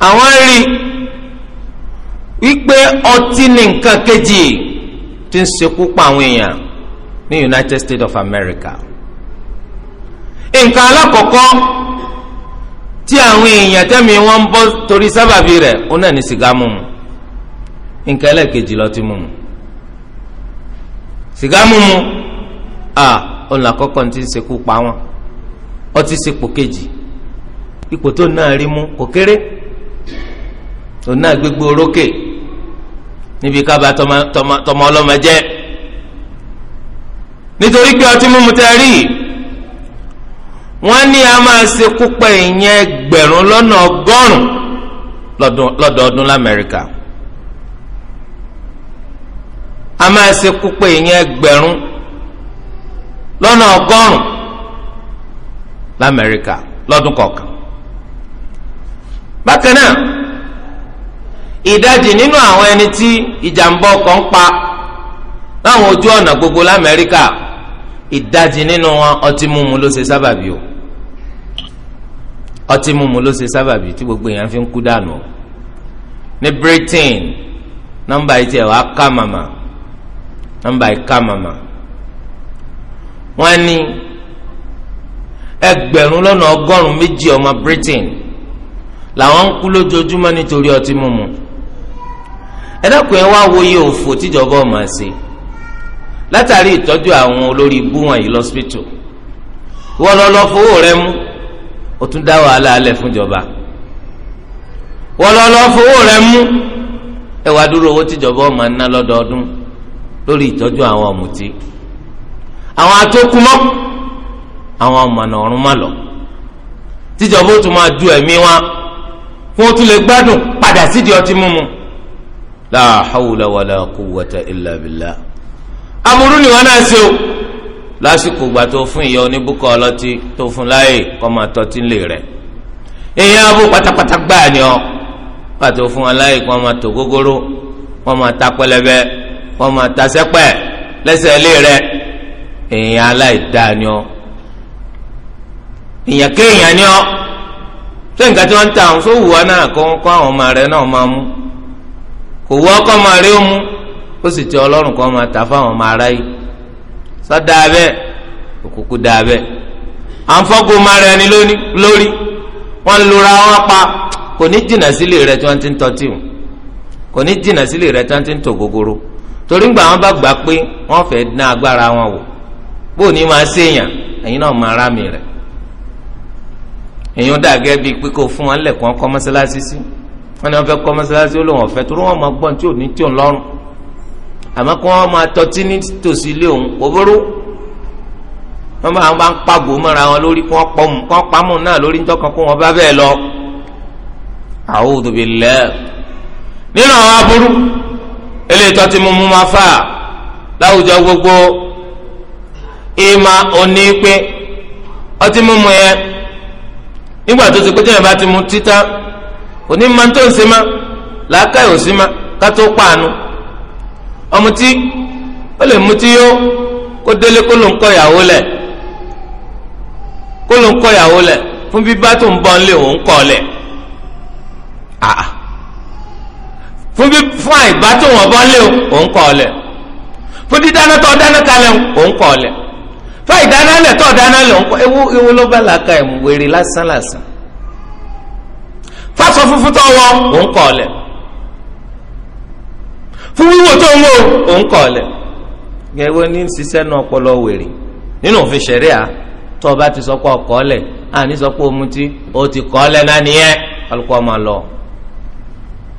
àwọn rí wípé ọtí ni nǹkan kejì tí ń ṣekú pa àwọn èèyàn ní United States of America nǹkan alákọ̀ọ́kọ́ tí àwọn èèyàn tẹ́mi wọ́n ń bọ́ torí sábàbí rẹ̀ ó náà ní sìgá mímu nǹkan ẹlẹ́ẹ̀kejì lọ́tí mímu sìgá mímu à ọ̀nà àkọ́kọ́ ti ń ṣekú pa wọn ọtí sepò kejì ipò tó náà rí mú kò kéré òun náà gbégbó orókè níbi kábà tọmọ ọlọ́mọ jẹ́ nítorí pé ọtí mímu tẹ rí wọ́n ní a máa ṣe kúpẹ ìyẹn ẹgbẹ̀rún lọ́nà ọgọ́rùn lọ́dọọdún lamẹ́ríkà a máa ṣe kúpẹ ìyẹn ẹgbẹ̀rún lọ́nà ọgọ́rùn lamẹ́ríkà lọ́dún kọ̀ọ̀kan bákan náà ìdajì nínú àwọn ẹni tí ìjàmbá ọkọ̀ ń pa láwọn ojú ọ̀nà gbogbo lamẹ́ríkà ìdajì nínú wọn ọtí mímu ló ṣe sábàbí o ọtí mímu ló ṣe sábàbí tí gbogbo èèyàn fi ń kú dànù o ní Britain nọ́mbà yìí tiẹ̀ wá ká màmá nọ́mbà yìí ká màmá wọ́n ní ẹgbẹ̀rún lọ́nà ọgọ́rùn-ún méjì ọmọ Britain làwọn ń kú lójoojúmọ́ nítorí ọtí mímu ẹ̀dàkùn yẹn wá wo iye òfò tíjọba ọmọ ẹ̀sìn látàrí ìtọ́jú àwọn olórí ibú wọ̀nyí lọ́sípítù wọ́n lọ lọ fowó rẹ mú o tún dá wàhálà alẹ̀ fúnjọba wọ́n lọ lọ fowó rẹ mú ẹ wá dúró owó tíjọba ọmọ ẹ̀ ná lórí ìtọ́jú àwọn ọ̀mùtí àwọn atókùmọ́ àwọn ọmọnà ọ̀run má lọ tíjọba ó tún máa ju ẹ̀mí wọn fún ó tún lè gbádùn padà sídìí ọtí mímu. la hawla wala quwwata illa billah. aburú ni wọn náà ṣe o lásìkò gbà tó fún ìyá oníbùkọ ọlọ́tí tó fún láàyè kọ́ máa tọ́tí rẹ̀ Ìyá abú pátápátá gbáà ni ọ fún aláyè kọ́ máa tò gógóró máa ta pẹlẹbẹ wọ́n máa ta lẹ́sẹ̀ ilé rẹ̀ ni ọ èèyàn kéèyàn ni ọ kò wú ọkọ máa rí òmu ó sì ti ọlọ́run kan máa tà fáwọn ọmọ ara yìí sọ dáa òkùnkùn dáa bẹ́ẹ̀ àǹfọ́gò máa rẹ ni lórí wọ́n lura wọn pa kò ní jìnnà sílé rẹ tí wọ́n ti ń tọ́tì o kò ní jìnnà sílé rẹ tí wọ́n ti ń tò gogoro torí ngbà wọn bá gbà pé wọ́n fẹ́ dín agbára wọn wò bó ní máa séèyàn ẹ̀yin náà máa rámì rẹ̀ èèyàn dàgẹ́ bíi pé kó fún wọn lẹ̀kọ́ kọ́ mọ́sálásí Si wọn ni wọn fẹ́ kọ́ mọ́sálásí ó lóun ọ̀fẹ́ wọn máa gbọ́n tí ò ní tí ò ń lọ́rùn àmọ́ kí wọ́n máa tọ́tí ní tòsí ilé òun kò burú wọ́n máa ń bá ń wọn lórí kí wọ́n pọ́n kí náà lórí kó wọn bá bẹ́ẹ̀ lọ. A'udhu billah nínú àwọn aburú eléyìí tọ́tí ti òní ma tó ń ma má làákàyè ò sí má ká tó ọmọtí ó lè mutí yó kó délé kó ló ń kọ ìyàwó lẹ̀ kó ló ń kọ ìyàwó lẹ̀ fún bíbá tó ń bọ̀ ń òun kọ̀ lẹ̀ àà fún bí fún àìbá tó wọn bọ́ lé òun kọ́ ọ̀lẹ̀ fún dídáná tó ewu ewu ló bá làákà ẹ̀ mú fásọ funfun tó wọ òun kọ̀ ọ̀lẹ̀ fún wíwò tó ń wò òun kọ̀ ọ̀lẹ̀ gẹ́gẹ́ ní ṣiṣẹ́ náà ọpọlọ wèrè nínú òfin ṣẹ̀ríà tó o bá ti sọ pé ọkọ̀ ọ̀lẹ̀ àní sọ pé omutí o ti kọ̀ ọ̀lẹ̀ náà nìyẹn alùpùpù ọmọ lọ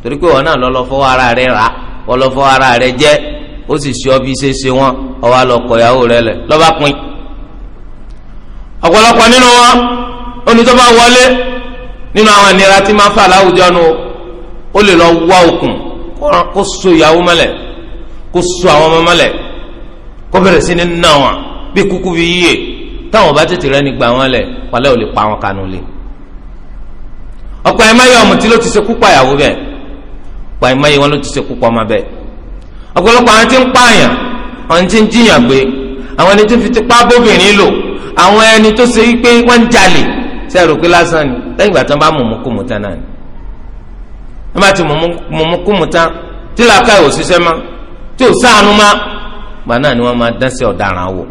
torí pé wọn náà lọ lọ fọwọ́ ara rẹ rà wọ́n lọ fọwọ́ ara rẹ jẹ́ ó sì ṣe ọ ṣe ṣe wọn ọwọ́ àlọ́kọ̀ ìyàwó rẹ lẹ̀ lọ́ba pin ọ̀pọ̀lọpọ̀ nínú wọn onítọ́ bá wọlé nínú àwọn ìnira tí máa ń fà láwùjọ nu ó lè lọ wá okùn kó so ìyàwó mọ́lẹ̀ kó so àwọn ọmọ mọ́lẹ̀ kó bẹ̀rẹ̀ sí ní nà wọn bí kúkú bí yíyẹ táwọn bá tètè rẹ ní gbà wọn lẹ wàlẹ́ ò lè pa wọn kanu lé ọ̀pọ̀ ẹ̀ máa yọ ọ̀mùtí ló ti ṣe púpọ̀ ìyàwó bẹ́ẹ̀ ọ̀pọ̀ ẹ̀ máa yọ wọn ló ti ṣe púpọ̀ ọmọ bẹ́ẹ̀ ọ̀pọ̀lọpọ̀ àwọn tí ń pààyàn àwọn tí ń jiyàn gbé àwọn ẹni tó fi tipá bóbìnrin lò àwọn ẹni tó ṣe wípé wọ́n ń jalè sẹ́rù pé lásán ni lẹ́yìn ìgbà tí wọ́n bá mú mú kú mu tán náà ni wọ́n bá ti mú mú kú mu tán tí làákà yóò ṣiṣẹ́ mọ́ tí ò sáànù mọ́ gbà náà ni wọ́n máa dánṣẹ́ ọ̀daràn wò.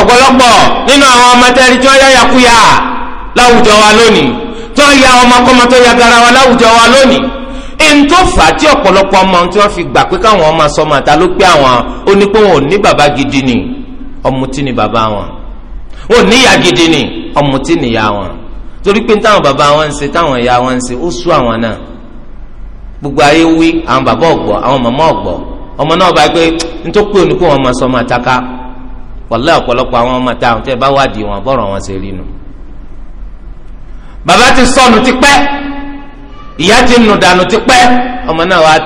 ọ̀pọ̀lọpọ̀ nínú àwọn ọmọ tẹ́rí tí wọ́n yá yakuya láwùjọ wa lónìí tí wọ́n ya ọmọ kọ́mọ tó ya gara wa láwùjọ wa lónìí ntó fà tí ọ̀pọ̀lọpọ̀ ọmọ tí wọ́n fi gbà pé káwọn ọmọ sọmọ àtà ló pé àwọn onípò wọn ò gidi ni ọmọ tí ni bàbá wọn gidi ni ọ̀mùtí nìyá wọn torí pé táwọn bàbá wọn ń ṣe táwọn ìyá wọn ń ṣe ó sú àwọn gbogbo ayé wí àwọn bàbá ọ̀gbọ́ àwọn màmá ọgbọ ọmọ náà bá gbé ntọ́pẹ́ oníkó wọn máa sọ máa àwọn ọmọ táwọn tẹ́ bá wádìí wọn wọn ṣe rí nu. bàbá ti sọnù ìyá ti nù dànù ọmọ náà wàá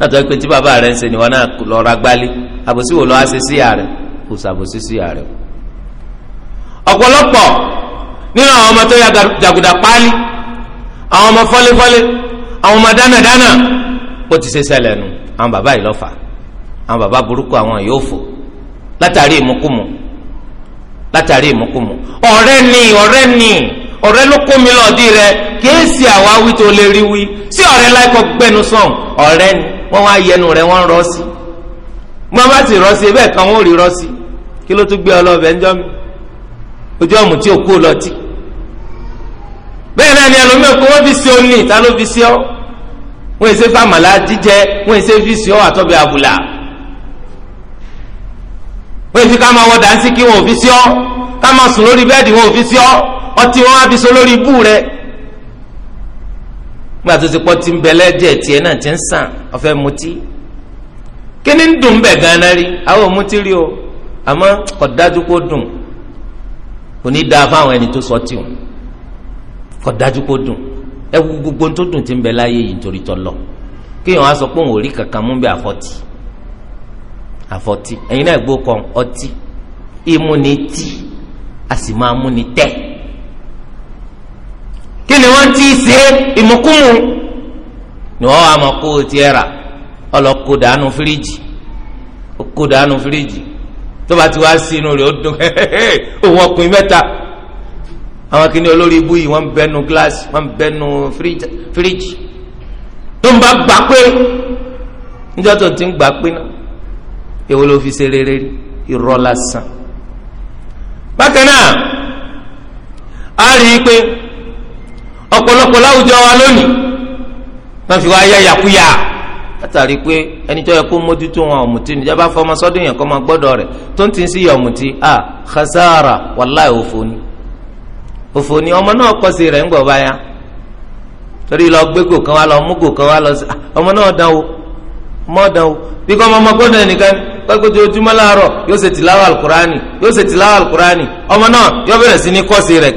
látọ̀ pé tí bàbá rẹ̀ ń ṣe ni wọn náà lọ ra gbálí àbòsí wò lọ́wọ́ ṣe sí ààrẹ kò sàbòsí sí ààrẹ ọ̀pọ̀lọpọ̀ nínú àwọn ọmọ tó ya jàgùdà páálí àwọn ọmọ fọ́lẹ́fọ́lẹ́ àwọn ọmọ dánàdánà ó ti ṣe ṣẹlẹ̀ nu àwọn bàbá yìí lọ́fà àwọn bàbá burúkú àwọn yóò fò látàrí ìmúkùmù látàrí ìmúkùmù ọ̀rẹ́ ni ọ̀rẹ́ ni ọ̀rẹ́ ló kó mi lọ́ọ̀dí rẹ kí èsì àwa wí tó lè rí wí sí ọ̀rẹ́ láìpọ̀ gbẹnu ọ̀rẹ́ ni wọ́n wá yẹnu rẹ̀ wọ́n rọ́ sí wọ́n bá ti rọ́ sí bẹ́ẹ̀ kan wọ́n rí rọ́ sí kí ló tún gbé ọlọ́ọ̀bẹ ń jọ́ mi ojú ọ̀mù tí ò kú lọ́tì bẹ́ẹ̀ náà ni ẹlòmíì kó wọ́n fi sí ọ ní ìta ló fi sí ọ wọ́n èsè fàmàlà jíjẹ wọ́n èsè fi sí ọ àtọ́bẹ̀ àbùlà wọ́n èsè ká máa wọ dànsí kí wọ́n ò fi sí ọ ká máa sùn lórí bẹ́ẹ̀dì wọ́n ò fi sí ọ ọtí wọn á fi so lórí ibú rẹ̀ gbà tó ti pọ́ ti ń bẹ lẹ́jẹ̀ tiẹ̀ náà ti ń sàn ọ̀fẹ́ mutí kí ni ń dùn bẹ̀ gan-an rí àwọn mutí rí o àmọ́ kò dájú kó dùn kò ní dáa fáwọn ẹni tó sọ tí o kò dájú kó dùn ẹ gbogbo tó dùn ti ń bẹ láyé yìí nítorí tọ́lọ̀ kéèyàn á sọ pé òun ò rí kankan mú bí àfọ́tì àfọ́tì ẹ̀yin náà gbó kan ọtí ìmúni tí a sì máa múni tẹ́ kí ni wọ́n ti ṣe ni wọ́n wà mọ́ kó o ti ẹ̀rà ọlọ́kó dànù fíríjì kó dànù fíríjì tó bá ti wá sí inú rẹ̀ ó dùn òun ọkùnrin mẹ́ta àwọn kìíní olórí ibú yìí wọ́n ń bẹnu gíláàsì wọ́n ń bẹnu fíríjì tó ń bá gbà pé níjọ́ tó ti ń gbà pé náà èwo ló fi ṣe rere bákan náà a rí i ọ̀pọ̀lọpọ̀ láwùjọ wa lónìí wọ́n fi wá yá yakuya látàrí pé ẹni tó yẹ kó mójútó wọn ọ̀mùtí níjọba fọmọ sọ́dún yẹn kọ́ máa gbọ́dọ̀ rẹ̀ tó ń tì í sí ọ̀mùtí à khasara wàláì òfò ni òfò ni ọmọ náà kọ́ sí rẹ̀ ń gbọ̀ báyà torí lọ gbégò kan wá lọ múgò kan wá lọ sí ọmọ náà dánwò ọmọ dánwò bí kò ọmọ ọmọ gbọ́dọ̀ nìkan ni gbàgbọ́dọ̀ ojúmọ́ láàárọ̀ yóò ṣe tìláwà alukurani yóò ṣe tìláwà alukurani ọmọ náà yóò bẹ̀rẹ̀ sí ní kọ́ọ̀sì rẹ̀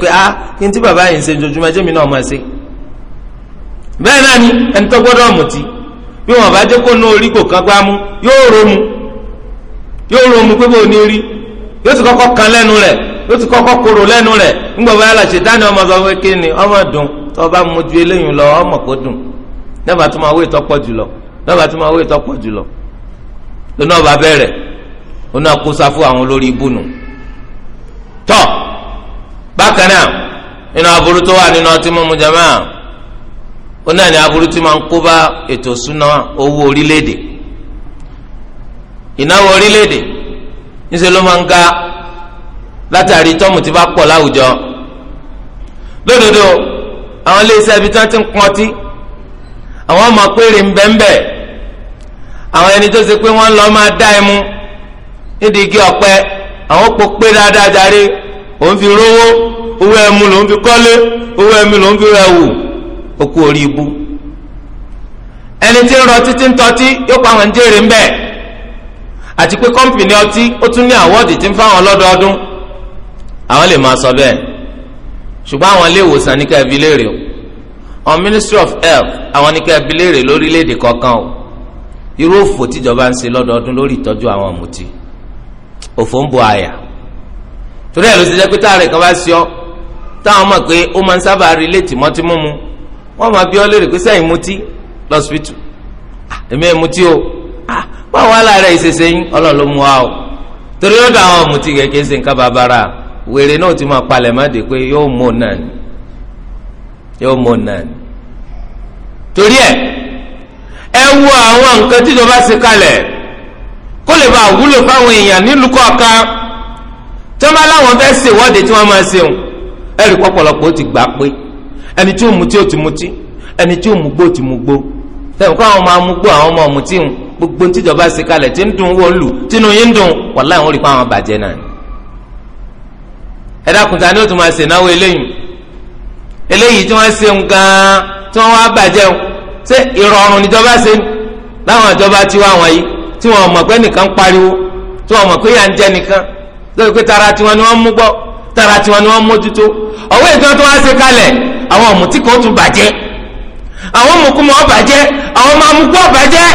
pé ni ẹni tó gbọ́dọ̀ bí wọn bá orí kò gbámú yóò yóò pé bó ní rí yóò ti kọ́kọ́ kan lẹ́nu rẹ̀ yóò ti kọ́kọ́ lẹ́nu rẹ̀ bá yàrá ọmọ ọmọ lónà ọba bẹ̀rẹ̀ lónà kó sáfù àwọn olórí ibùnú tọ́ bákan náà nínú aburú tó wà nínú ọtí mímu jama ó ní aburú tí máa ń kó bá ètò ìṣúná owó orílẹ̀-èdè ìnáwó orílẹ̀-èdè níṣẹ́ ló máa ń ga látàrí tọ́mù tí bá pọ̀ láwùjọ ti ń pọ́n ọtí àwọn ọmọ ń àwọn ẹni tó ṣe pé wọ́n lọ máa dá ẹmu nídìí igi ọ̀pẹ àwọn kò pé dáadáa járe òun fi rówó owó ẹmu lòun fi kọ́lé owó ẹmu lòun fi rẹwù okú orí ibu ẹni tí ń rọ títí ń tọ́tí yóò pa àwọn ń jèrè ń bẹ́ẹ̀ àti pé kọ́mpìnì ọtí ó tún ní àwọ́ọ̀dì tí ń fáwọn lọ́dọọdún àwọn lè máa sọ bẹ́ẹ̀ ṣùgbọ́n àwọn ilé ìwòsàn ní ká léèrè o on ministry of health àwọn ní ká ẹbí léèrè lórílẹ̀‐èdè kọ̀ọ̀kan o irú òfò tíjọba ń ṣe lọ́dọọdún lórí ìtọ́jú àwọn ọ̀mùtí òfò ń bo àyà torí ẹ̀ ló ti jẹ́ pé táàrẹ̀ kan bá ṣe ọ́ táwọn mọ̀ pé ó máa ń sábà rí létí mọ́tí mímu wọ́n máa bí ọ́ lérè pé sẹ́yìn mutí lọ́sibítù èmi ẹ̀ mutí o báwo wà lára ìṣẹ̀ṣe yín ọlọ́run ló mú wa o torí lọ́dọ̀ àwọn ọ̀mùtí kẹ̀kẹ́ ṣe nǹkan bàbàrà wèrè náà ti máa palẹ̀ má dé pé yóò mọ̀ náà ni yóò mọ̀ náà ni torí ẹ̀ ẹ wo àwọn nǹkan tíjọba ṣe kalẹ̀ kó lè bá wúlò fáwọn èèyàn nílùú kọ̀ọ̀kan tí wọ́n bá láwọn fẹ́ ṣèwọ́de tí wọ́n máa ṣeun ẹ̀rí pọ̀pọ̀lọpọ̀ ó ti gbà pé ẹni tí ó mutí ó ti mutí ẹni tí ó mugbó ó ti mugbó tẹ̀wọ́n kó àwọn máa mugbó àwọn ọmọ mutí ń gbogbo tíjọba ṣe kalẹ̀ tí ń dùn wọ́n lù tínú yín dùn wàhálà ìwọ̀n rí pa ni. ẹ dákun ta ni ó tún máa ṣé ìrọ̀rùn níjọba ṣe láwọn ìjọba tiwa wọn yìí tí wọn mọ̀ pé nìkan pariwo tí wọn mọ̀ pé yà ń jẹ nìkan lórí pé tara tiwọn ni wọ́n mú gbọ́ tara tiwọn ni wọ́n mójútó ọ̀wé ìjọba tó wá ṣe kalẹ̀ àwọn ọ̀mùtí kan tún bàjẹ́ àwọn mọ̀kúmọ̀ ọ̀bàjẹ́ àwọn máa mú gbọ́ ọ̀bàjẹ́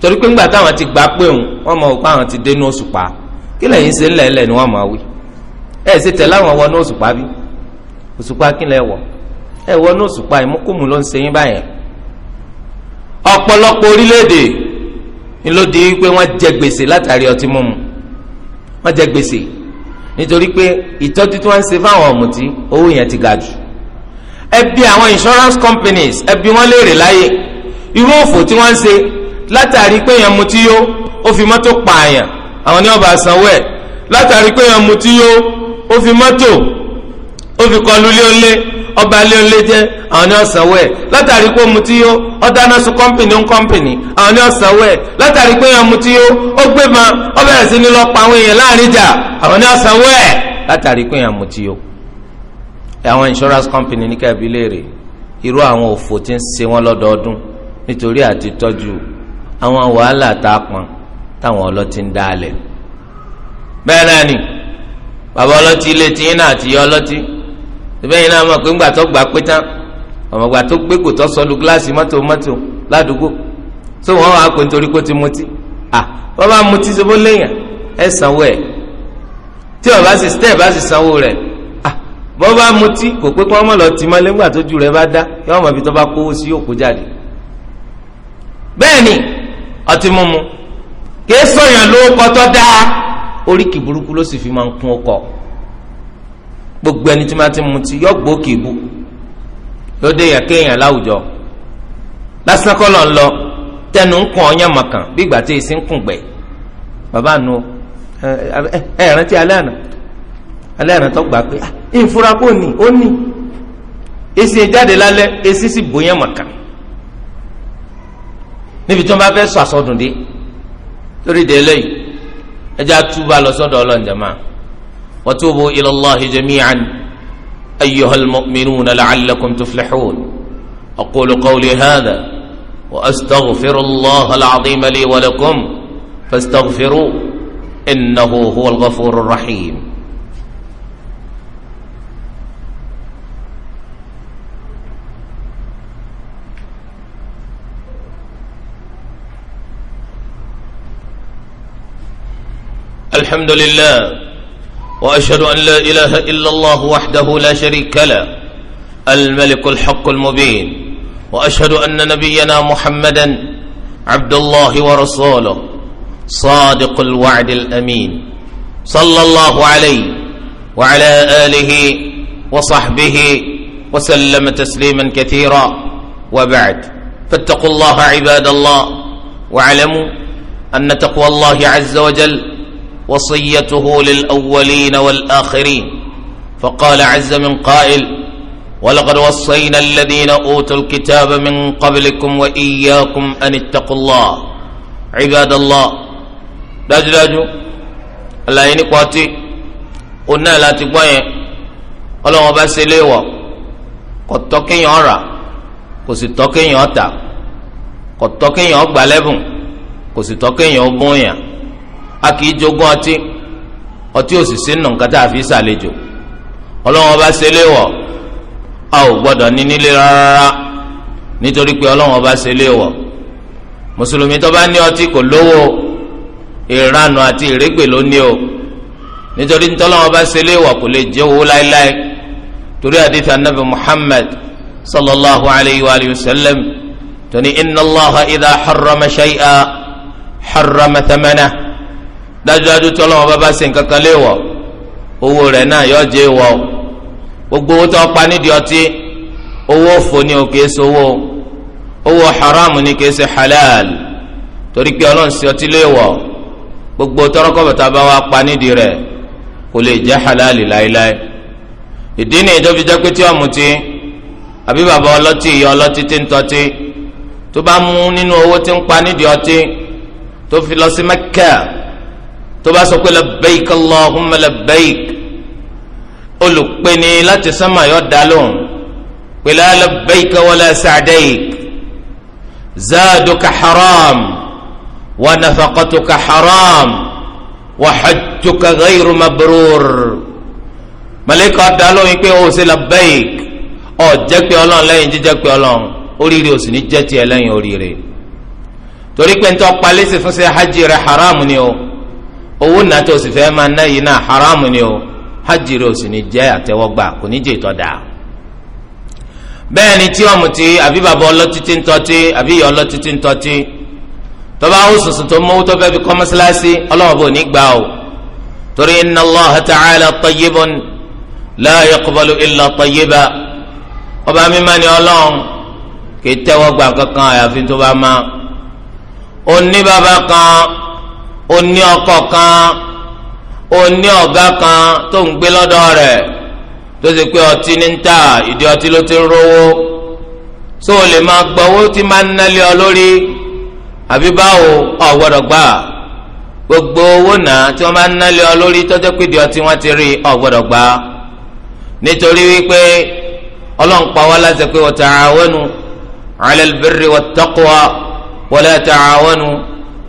torí pé ńgbà táwọn ti gbà pé òun wọn mọ̀ òkú àwọn ti dé ní oṣù pa kí lẹ́yìn ṣe ńlẹ̀ ńlẹ̀ ni wọ́n máa wí ẹ wọ ní òṣùpá ìmúkùmù ló ń ṣe yín báyẹn ọ̀pọ̀lọpọ̀ orílẹ̀-èdè ni ló di wípé wọ́n jẹ gbèsè látàrí ọtí mímu wọ́n jẹ gbèsè nítorí pé ìtọ́jú tí wọ́n ń ṣe fáwọn ọ̀mùtí owó yẹn ti ga jù ẹbí àwọn insurance companies ẹbí wọn léèrè láyè irú òfò tí wọ́n ń ṣe látàrí pé èèyàn mutí yó ó fi mọ́tò pààyàn àwọn ní ọba sanwó ẹ̀ látàrí pé èèyàn mutí yó ó fi mọ́tò ó fi kọlu lé olé ọba lé olé jẹ àwọn ni ọ̀sánwó ẹ̀ látàrí pé mutí yó ọ̀dáná sun kọ́mpìnì ń kọ́mpìnì àwọn ni ọ̀sánwó ẹ̀ látàrí pé èèyàn mutí yó ó gbé ma ó bẹ̀rẹ̀ sí ni lọ pa àwọn èèyàn láàrin ìjà àwọn ni ọ̀sánwó ẹ̀ látàrí pé èèyàn mutí yó. àwọn insurance company ní kẹ́ẹ̀bí léèrè irú àwọn òfò tí ń ṣe wọ́n lọ́dọọdún nítorí àti tọ́jú àwọn wàhálà tá a pọn táwọn ọlọ́tí ń dálẹ̀ bẹ́ẹ̀ náà ni bàbá ọlọ́tí ilé tí náà àti ìyá ọlọ́tí sẹ́bẹ̀yìn náà mọ̀ pé ńgbà tó gbà pé tán ọmọ gbà tó gbé kò tó sọlu gíláàsì mọ́tò mọ́tò ládùúgbò tó wọ́n wàá pè nítorí kó ti mutí à wọ́n bá mutí sọ́bó léèyàn ẹ̀ sanwó ẹ̀ tí ọba sì tẹ́ ẹ̀ bá sì sanwó rẹ̀ à bọ́ bá mutí kò pé kí wọ́n mọ̀ lọ tì mọ́ lẹ́gbà tó ju rẹ̀ bá dá yọ ọmọ ibi tó bá kówó sí yóò jáde bẹ́ẹ̀ni ọtí mímu kì í sọ̀yàn ló kọ́ tọ́ dáa oríkì burúkú ló sì fi máa ń kún ọkọ̀ gbogbo ẹni tí máa ti mutí yọ gbòókì bu yóò dé yàn kéèyàn láwùjọ lásán kọ́ lọ́n lọ tẹnu ń kàn ọ́nyá màkàn bí ìgbà tí èsì ń kùn gbẹ bàbá nu ẹ ẹ rántí alẹ́ àná alẹ́ àná tó gbà pé ah, ìfura kò ní ó ní èsì ìjáde lálẹ́ èsì sì bóyá màkàn níbi tí wọ́n bá fẹ́ sọ àsọdùn dé lórí ìdè eléyìí ẹ àtúbà lọ sọ́dọ̀ ọlọ́njẹ́ máa. وتوبوا إلى الله جميعا أيها المؤمنون لعلكم تفلحون أقول قولي هذا وأستغفر الله العظيم لي ولكم فاستغفروا إنه هو الغفور الرحيم الحمد لله وأشهد أن لا إله إلا الله وحده لا شريك له الملك الحق المبين وأشهد أن نبينا محمدا عبد الله ورسوله صادق الوعد الأمين صلى الله عليه وعلى آله وصحبه وسلم تسليما كثيرا وبعد فاتقوا الله عباد الله واعلموا أن تقوى الله عز وجل وصيته للأولين والآخرين فقال عز من قائل ولقد وصينا الذين أوتوا الكتاب من قبلكم وإياكم أن اتقوا الله عباد الله داجو داجو الله ينقواتي قلنا لا تقوين ọlọ́wọ́n bá ṣe léèwọ̀ kò tọ́ kéèyàn rà kò sì tọ́ kéèyàn tà kò tọ́ kéèyàn a kì í jogún ọtí ọtí ò sì sí nù nǹkan tá a fi ṣàlejò ọlọ́wọ́n bá ṣe léèwọ̀ a ò gbọ́dọ̀ ní nílé rárá nítorí pé ọlọ́wọ́n bá ṣe léèwọ̀ mùsùlùmí tó bá ní ọtí kò lówó ìranù àti ìrégbè ló ní o nítorí ntọ́lọ́wọ́n bá ṣe léèwọ̀ kò lè jẹ́ owó láéláé torí àdìtà nàbì Muhammad sallallahu alayhi wa sallam tóní inna Allaha idha harrama shay'a harrama thamanahu dájúdájú tí ọlọ́wọ́n bá bá ṣe nǹkan kan léèwọ̀ owó rẹ̀ náà yọ jẹ́ ìwọ gbogbo owó tó ń pa nídìí ọtí owó òfò ni ò kìí sowó owó haram ni kìí ṣe halal torí pé ọlọ́run ṣe ọtí léèwọ̀ gbogbo tọrọkọ̀bọ̀tà bá wa pa nídìí rẹ̀ kò lè jẹ́ halal láéláé ìdí ni ìdọ́fíjẹ́ pé tí ọ̀mùtí àbí bàbá ọlọ́tí ìyá ọlọ́tí tí ń tọ́tí tó bá mú nínú owó tí ń pa nídìí ọtí tó fi lọ sí Mẹ́kà tó bá sọ pé labbaik allahumma labbaik olùpẹni láti sánmà yọ dá lóhùn pé la labbaik wala sa'daik zaaduka haram wa nafaqatuka haram wa hajjuka ghayru mabrur malayika dá lóhùn pé o ṣe labbaik ọ jẹ́ pé Ọlọ́run lẹ́yìn jíjẹ́ pé Ọlọ́run oríire ò ní jẹ́ lẹ́yìn oríire torí pé ń tọ́ fún ṣe hajj rẹ̀ haram ni o owó náà tó sì fẹ́ máa ná yìí náà haramu ni o hajj rẹ̀ ò sì ní jẹ́ àtẹ́wọ́gbà kò ní jẹ́ ìtọ́da bẹ́ẹ̀ ni tí ọ̀mùtí àbí bàbá ọlọ́tí ti ń tọ́tí àbí ìyá ọlọ́tí ti ń tọ́tí tọ́ba ó sùsùn tó mọ́wó tó fẹ́ẹ́ fi kọ́ mọ́sálásí ọlọ́wọ́ bò ní gbà o torí inna Allah ta'ala tayyibun la yaqbalu illa tayyiba ọba mímọ́ ni ọlọ́run kì í tẹ́wọ́ gbà kankan àyàfi tó bá máa ó ní bàbá kan ó ní ọkọ kan ó ní ọ̀gá kan tó ń gbé lọ́dọ̀ rẹ̀ tó ṣe pé ọtí ní ń tà ìdí ọtí ló ti ń rówó tó o lè máa gbọ́wó tí máa ń nálé ọ lórí àbí báwo o gbọ́dọ̀ gbà gbogbo owó náà tí wọ́n máa ń nálé ọ lórí tọ́jọ́ pé ìdí ọtí wọ́n ti rí o gbà nítorí wípé ọlọ́run pa wá láti pé wa ta'awanu 'ala al-birri wat-taqwa wa la ta'awanu.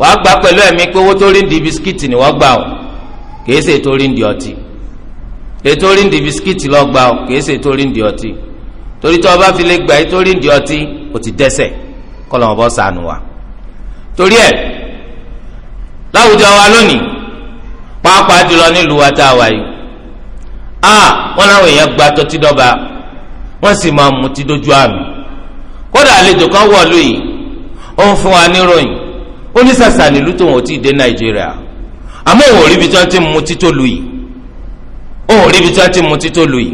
wàá gbà pẹ̀lú ẹ̀mí pé owó tó rí ń di bisikíìtì ni wọ́n gbà o kìí ṣe tó rí ń di ọtí ètò rí ń di bisikíìtì lọ gbà o kìí ṣe tó rí ń di ọtí torí tó o bá fi lè gbà ètò rí ń di ọtí o ti dẹ́ṣẹ̀ kọ́lọ́mọ bọ́ sànù wa torí ẹ̀ láwùjọ wa lónìí pàápàá jùlọ nílùú wa tá a wà yìí a wọn làwọn èèyàn gba tọ́tí dọ́ba wọ́n sì máa mutí dójú àmì kódà àlejò kan wọ̀ lóyìí ó ń fún wa níròyìn ó ní sàṣàlì lù tó wọn ò tí ì dé nàìjíríà àmọ́ òun ò rí ibi tí wọ́n ti mú tító lu yìí òun ò rí ibi tí wọ́n ti mú tító lu yìí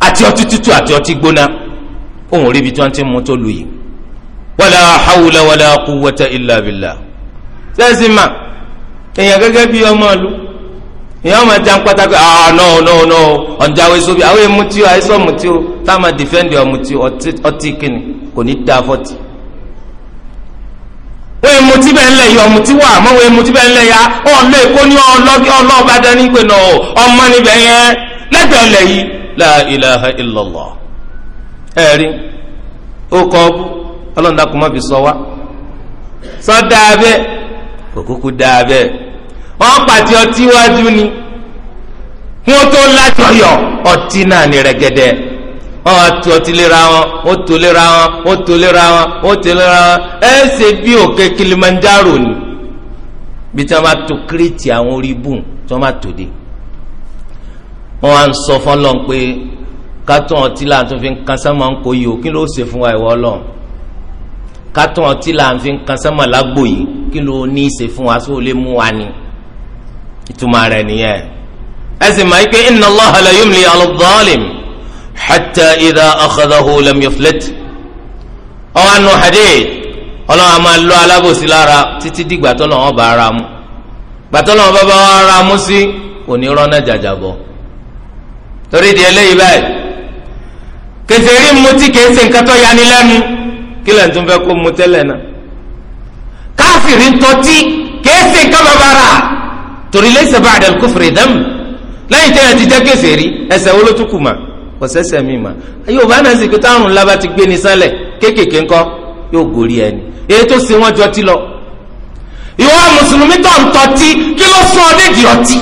àti ọtí tútù àti ọtí gbóná òun ò rí ibi tí wọ́n ti mú tó lu yìí wala hawla wala quwwata illa billah sẹ́sì ma, èèyàn gẹ́gẹ́ bí ọmọ lu èèyàn máa já ń pátákó ah no no no ọ̀njà àwọn èso bíi àwọn èmutí o àìsàn mutí o táwọn máa dìfẹ́ǹdì ọ̀mutí ọtí kìnnì kò ní dáa fọ́tì wọ́n emu tí bẹ́ẹ̀ lẹ̀ yọ ọmọ tí wà mọ́ emu bẹ́ẹ̀ lẹ̀ ya ọ̀lọ́ èkó ni ọlọ́ọ̀bá dání pé nọ ọmọ níbẹ̀ yẹn lẹ̀ yìí la ilaha illallah sọ wá sọ dáa kò kúkú dáa wọ́n ọtí wájú ni wọ́n tó lájọyọ̀ ọtí náà wọn wá tu wọn wọn tu wọn wọn tu wọn wọn tu wọn ẹ ṣe bí òkè Kilimanjaro ni bí tí wọn bá tó kírètì àwọn orí bùn tí wọn bá tó dé wọn wá ń sọ fọlọ́n pé kátó ọtí là ń fi ń kan sánmà ń kó yìí o kí ló ṣe fún wa ìwọ Ọlọ́run kátó ọtí là ń fi ń kan sánmà lágbo yìí kí ló ní í ṣe fún wa sóò lè mú wa ni ìtumọ̀ rẹ̀ nìyẹn ẹ sì máa ń حتى إذا أخذه لم يفلت أو anu hadith Ọlọ́run a máa lọ alábòsí lára títí di gbàtọ náà ọba ara mu gbàtọ náà ọba bá ara mu sí òní rọnà jàjàbọ torí di eléyìí báyìí kẹsìrì mutí kẹsì nkatọ yanilẹnu kílẹ̀ tó ń fẹ́ kó mu tẹ́lẹ̀ náà káfíìrì ntọ́tí kẹsì nkàbàbàrà torí laysa ba'da al-kufri dam lẹ́yìn tẹ́lẹ̀ ti jẹ́ kẹsìrì ẹsẹ̀ wọlé tó kù mà kò sẹ́sẹ̀ mi mà yóò bá náà sì pé táwọn ńlá bá ti gbé ní sálẹ̀ kéékèèké ńkọ́ yóò gòrí ẹni èyí tó ṣe wọ́n jọ tí lọ. ìwọ mùsùlùmí tó ń tọ́tí kí ló sún ọdẹ di ọtí.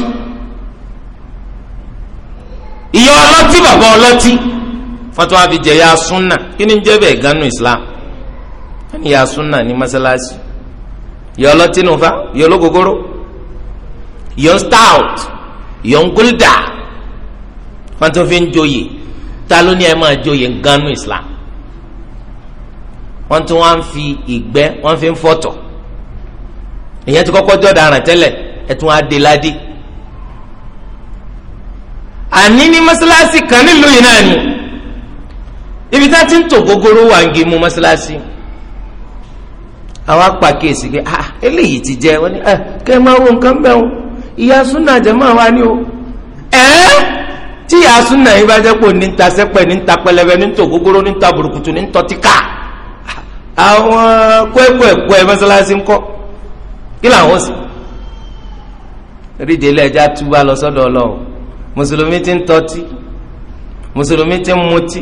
ìyá ọlọ́tí bàbá ọlọ́tí fatuwa fi ya sunna kí ni jẹ́ bẹ́ẹ̀ ganu islam ẹni ya sunna ní masalasi ìyá ọlọ́tí nù ìyá ológogoro ìyá stout ìyá ngulda wọn tún fi ń joyè ta ló ní ẹ máa joyè ganu islam wọ́n tún wọ́n fi ìgbẹ́ wọ́n fi ń fọ̀tọ̀ ìyẹn ti kọ́kọ́ jọ daràn tẹ́lẹ̀ ẹ tún adé ládé àní ní mọ́sálásí kan nílùú yìí náà ni ibi tá a ti ń tò gógóró wà ń gé mu mọ́sálásí àwọn pé ah eléyìí ti jẹ wọ́n ní ẹ eh, kẹ́ ẹ máa wo nǹkan bẹ́ẹ̀ o ìyá súnà jẹ́ máa wá ní o tí àsúnà yìí bá jẹ́ pò ní ta sẹ́pẹ̀ ní ta pẹlẹbẹ ní tò gógóró ní ta burúkutu ní tọ́ àwọn kóẹ́kó ẹ̀kọ́ ẹ mọ́sálásí ńkọ́ kí làwọn sì rídìí túbà lọ mùsùlùmí ti ń tọ́tí mùsùlùmí ti ń mutí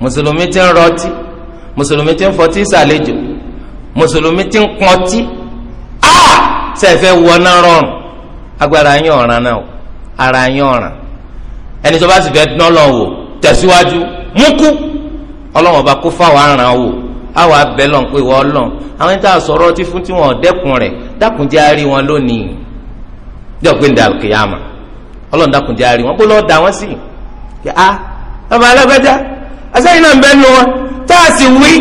mùsùlùmí ti ń ti ń fọtí ìsàlejò ti ń sẹ́fẹ̀ wọná rọrùn agbára yín ọ̀ràn náà ara yín ọ̀ràn ẹni tó bá sì fẹ́ dán lọ́n wò tẹ̀síwájú mú kú ọlọ́run ọba kó fáwọn aràn wò àwọn abẹ́ lọ́n pé wọ́n lọ́n àwọn ẹni tá a sọ̀rọ̀ tí fún tí dẹ́kun rẹ̀ dákunjẹ́ á rí wọn lónìí jọ pé ń da kìyàmà ọlọ́run dákunjẹ́ á wọn bó lọ́ọ́ da wọn sí kí a ọba alágbájá asẹ́yìn náà ń bẹ́ nu wọn tá a sì wí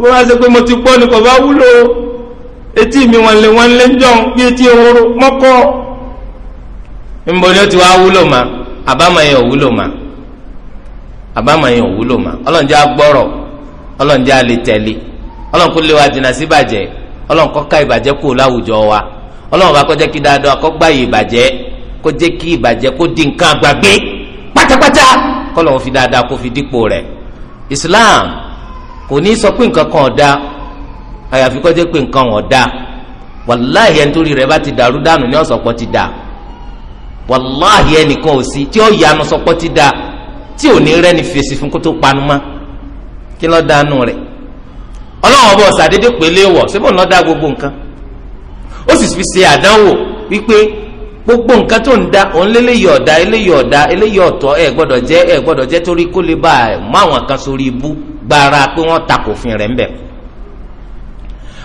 wọ́n á sọ pé mo ti gbọ́ ni kò bá wúlò etí mi wọ́n lé wọ́n lé ń jọ̀ bí etí ehoro mọ́kọ́ nbọ ni ó ti wá wúlò ma àbámọ̀ yẹn ò wúlò ma àbámọ̀ yẹn ò wúlò ma ọlọ́njẹ́ agbọ́rọ̀ ọlọ́njẹ́ alẹ́ tẹ̀lé ọlọ́nkú lé wa dènà sí ìbàjẹ́ ọlọ́nkọ́ ká ìbàjẹ́ kúrò láwùjọ wa ọlọ́run bá kọjá kí dáadáa kọ́ gbá yìí ìbàjẹ́ kó jẹ́ kí ìbàjẹ́ di nǹkan àgbàgbé pátápátá kọ́lọ́run fi dáadáa kó fi dípò rẹ̀ Islam kò ní sọ pé nǹkan kan ọ̀dà àyàfi kó jẹ́ pé nǹkan ọ̀dà wàláhì ẹni torí rẹ̀ bá ti dàrú dànù ní ọ̀sọ̀pọ̀ ti dà wàláhì ẹnìkan ò sí tí ó yanu sọpọ́ ti da tí ò ní rẹ́ni fèsì fún kó tó panu mọ́ kí lọ́ọ́ dánú rẹ̀ ọlọ́wọ́n bọ̀ sàdédé pèlè wọ̀ síbò ń lọ́ọ́ dá gbogbo nǹkan ó sì fi ṣe àdánwò wípé gbogbo nǹkan tó ń da òun léléyìí ọ̀dà eléyìí ọ̀dà eléyìí ọ̀tọ̀ ẹ̀ gbọ́dọ̀ jẹ́ ẹ̀ gbọ́dọ̀ jẹ́ torí kó lè bá mọ àwọn kan sórí ibú gbára pé wọ́n takò fin rẹ̀ ń bẹ̀.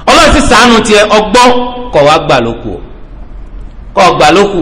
ọlọ́run ti tiẹ̀ ọgbọ́ kọ̀ wá gbà lókù kọ̀ gbà lókù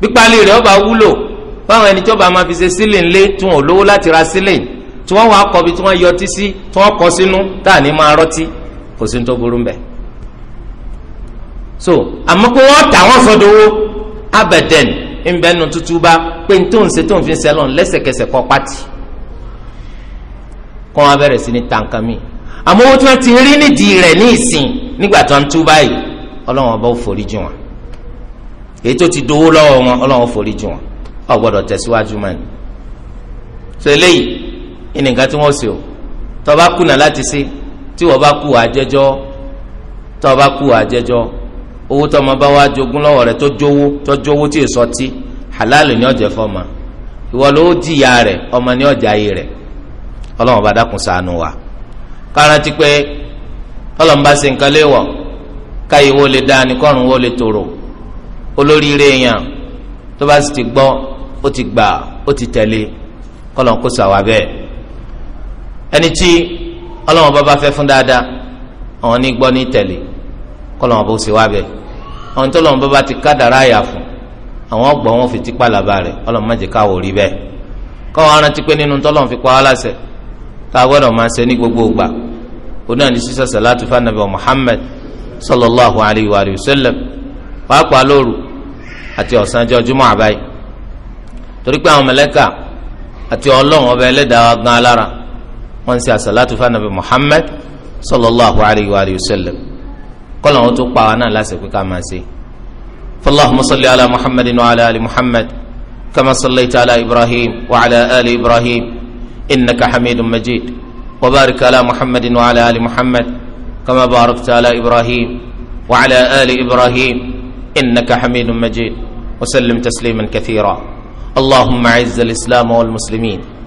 pípalẹ̀ rẹ̀ ọba wúlò fáwọn ẹni tí ọba máa fi ṣe sílẹ̀ ńlẹ̀ tí wọn ò lówó láti ra sílẹ̀ tí wọn wàá kọ́ bi tí wọn yọtí sí tí wọn kọ́ sínú tá à ní máa rọtí kò sí ní tó burú mbẹ. so àmọ́ pé wọ́n tà wọ́n sọdowó abẹ́dẹ́n ńbẹ́nu tútù bá pé ní tó ń ṣe tó ń fi ṣe lẹ́sẹ̀kẹsẹ̀ kọ́ pátì kọ́ wọn bẹ̀rẹ̀ sí ní tàǹkà mi àmọ́ owó tí wọ́n ti rí nídìí rẹ̀ ní ìsìn nígbà tó ń tú báyìí ọlọ́run ọba ò forí jì wọ́n. èyí tó ti dowó lọ́wọ́ wọn ọlọ́run forí jù wọn ọ gbọ́dọ̀ tẹ̀síwájú mọ́ so eléyìí ìní nǹkan tí wọ́n ṣe o tó bá kùnà láti ṣe tí wọ́n bá kú àjẹjọ́ tó bá kú àjẹjọ́ owó tọmọ bá wá jogún lọ́wọ́ rẹ̀ tó jówó tó jówó tí èso ti halal ni ọ̀jẹ̀ fọ́ọ̀mà ìwọ ló jìyà rẹ̀ ọmọ ní ọjà ayé rẹ̀ ọlọ́run wa pé ọlọ́run bá ṣe nǹkan léwọ̀ olóríire èèyàn tó bá sì ti gbọ́ ó ti gbà ó ti tẹ̀lé kọ́lọ̀ kó sàwà bẹ́ẹ̀ ẹni tí ọlọ́wọ́n bá bá fẹ́ fún dáadáa àwọn ní gbọ́ ní tẹ̀lé kọ́lọ̀ bó sì wá bẹ́ẹ̀ àwọn tó lọ́wọ́n bá bá ti kádàrá àyà fún àwọn ọgbọ̀n wọn fi tipa làbá rẹ̀ ọlọ́wọ́n má jẹ́ káwọ́ rí bẹ́ẹ̀ kọ́wọ́n arántí pé nínú tọ́lọ́wọ́n fi pa á láṣẹ gbọ́dọ̀ máa ṣe ní gbogbo ìgbà oní àni sísọ Muhammad sallallahu alayhi wa sallam pàápàá àti ọ̀sánjọ́ júmọ́ àbáyé torí pé àwọn mẹlẹ́kà àti ọlọ́run ọba ẹlẹ́dàá wa gan alára wọ́n ń ṣe àṣàlátù fanabi Muhammad sallallahu alayhi wa sallam kọ́lọ̀ wọn tó pa wa náà láti pé ká máa ṣe. fallahumma salli ala muhammadin wa ala ali muhammad kama sallaita ala ibrahim wa ala ali ibrahim innaka hamidun majid wa barik ala muhammadin wa ala ali muhammad kama barakta ala ibrahim wa ala ali ibrahim innaka hamidun majid. وسلم تسليما كثيرا اللهم اعز الاسلام والمسلمين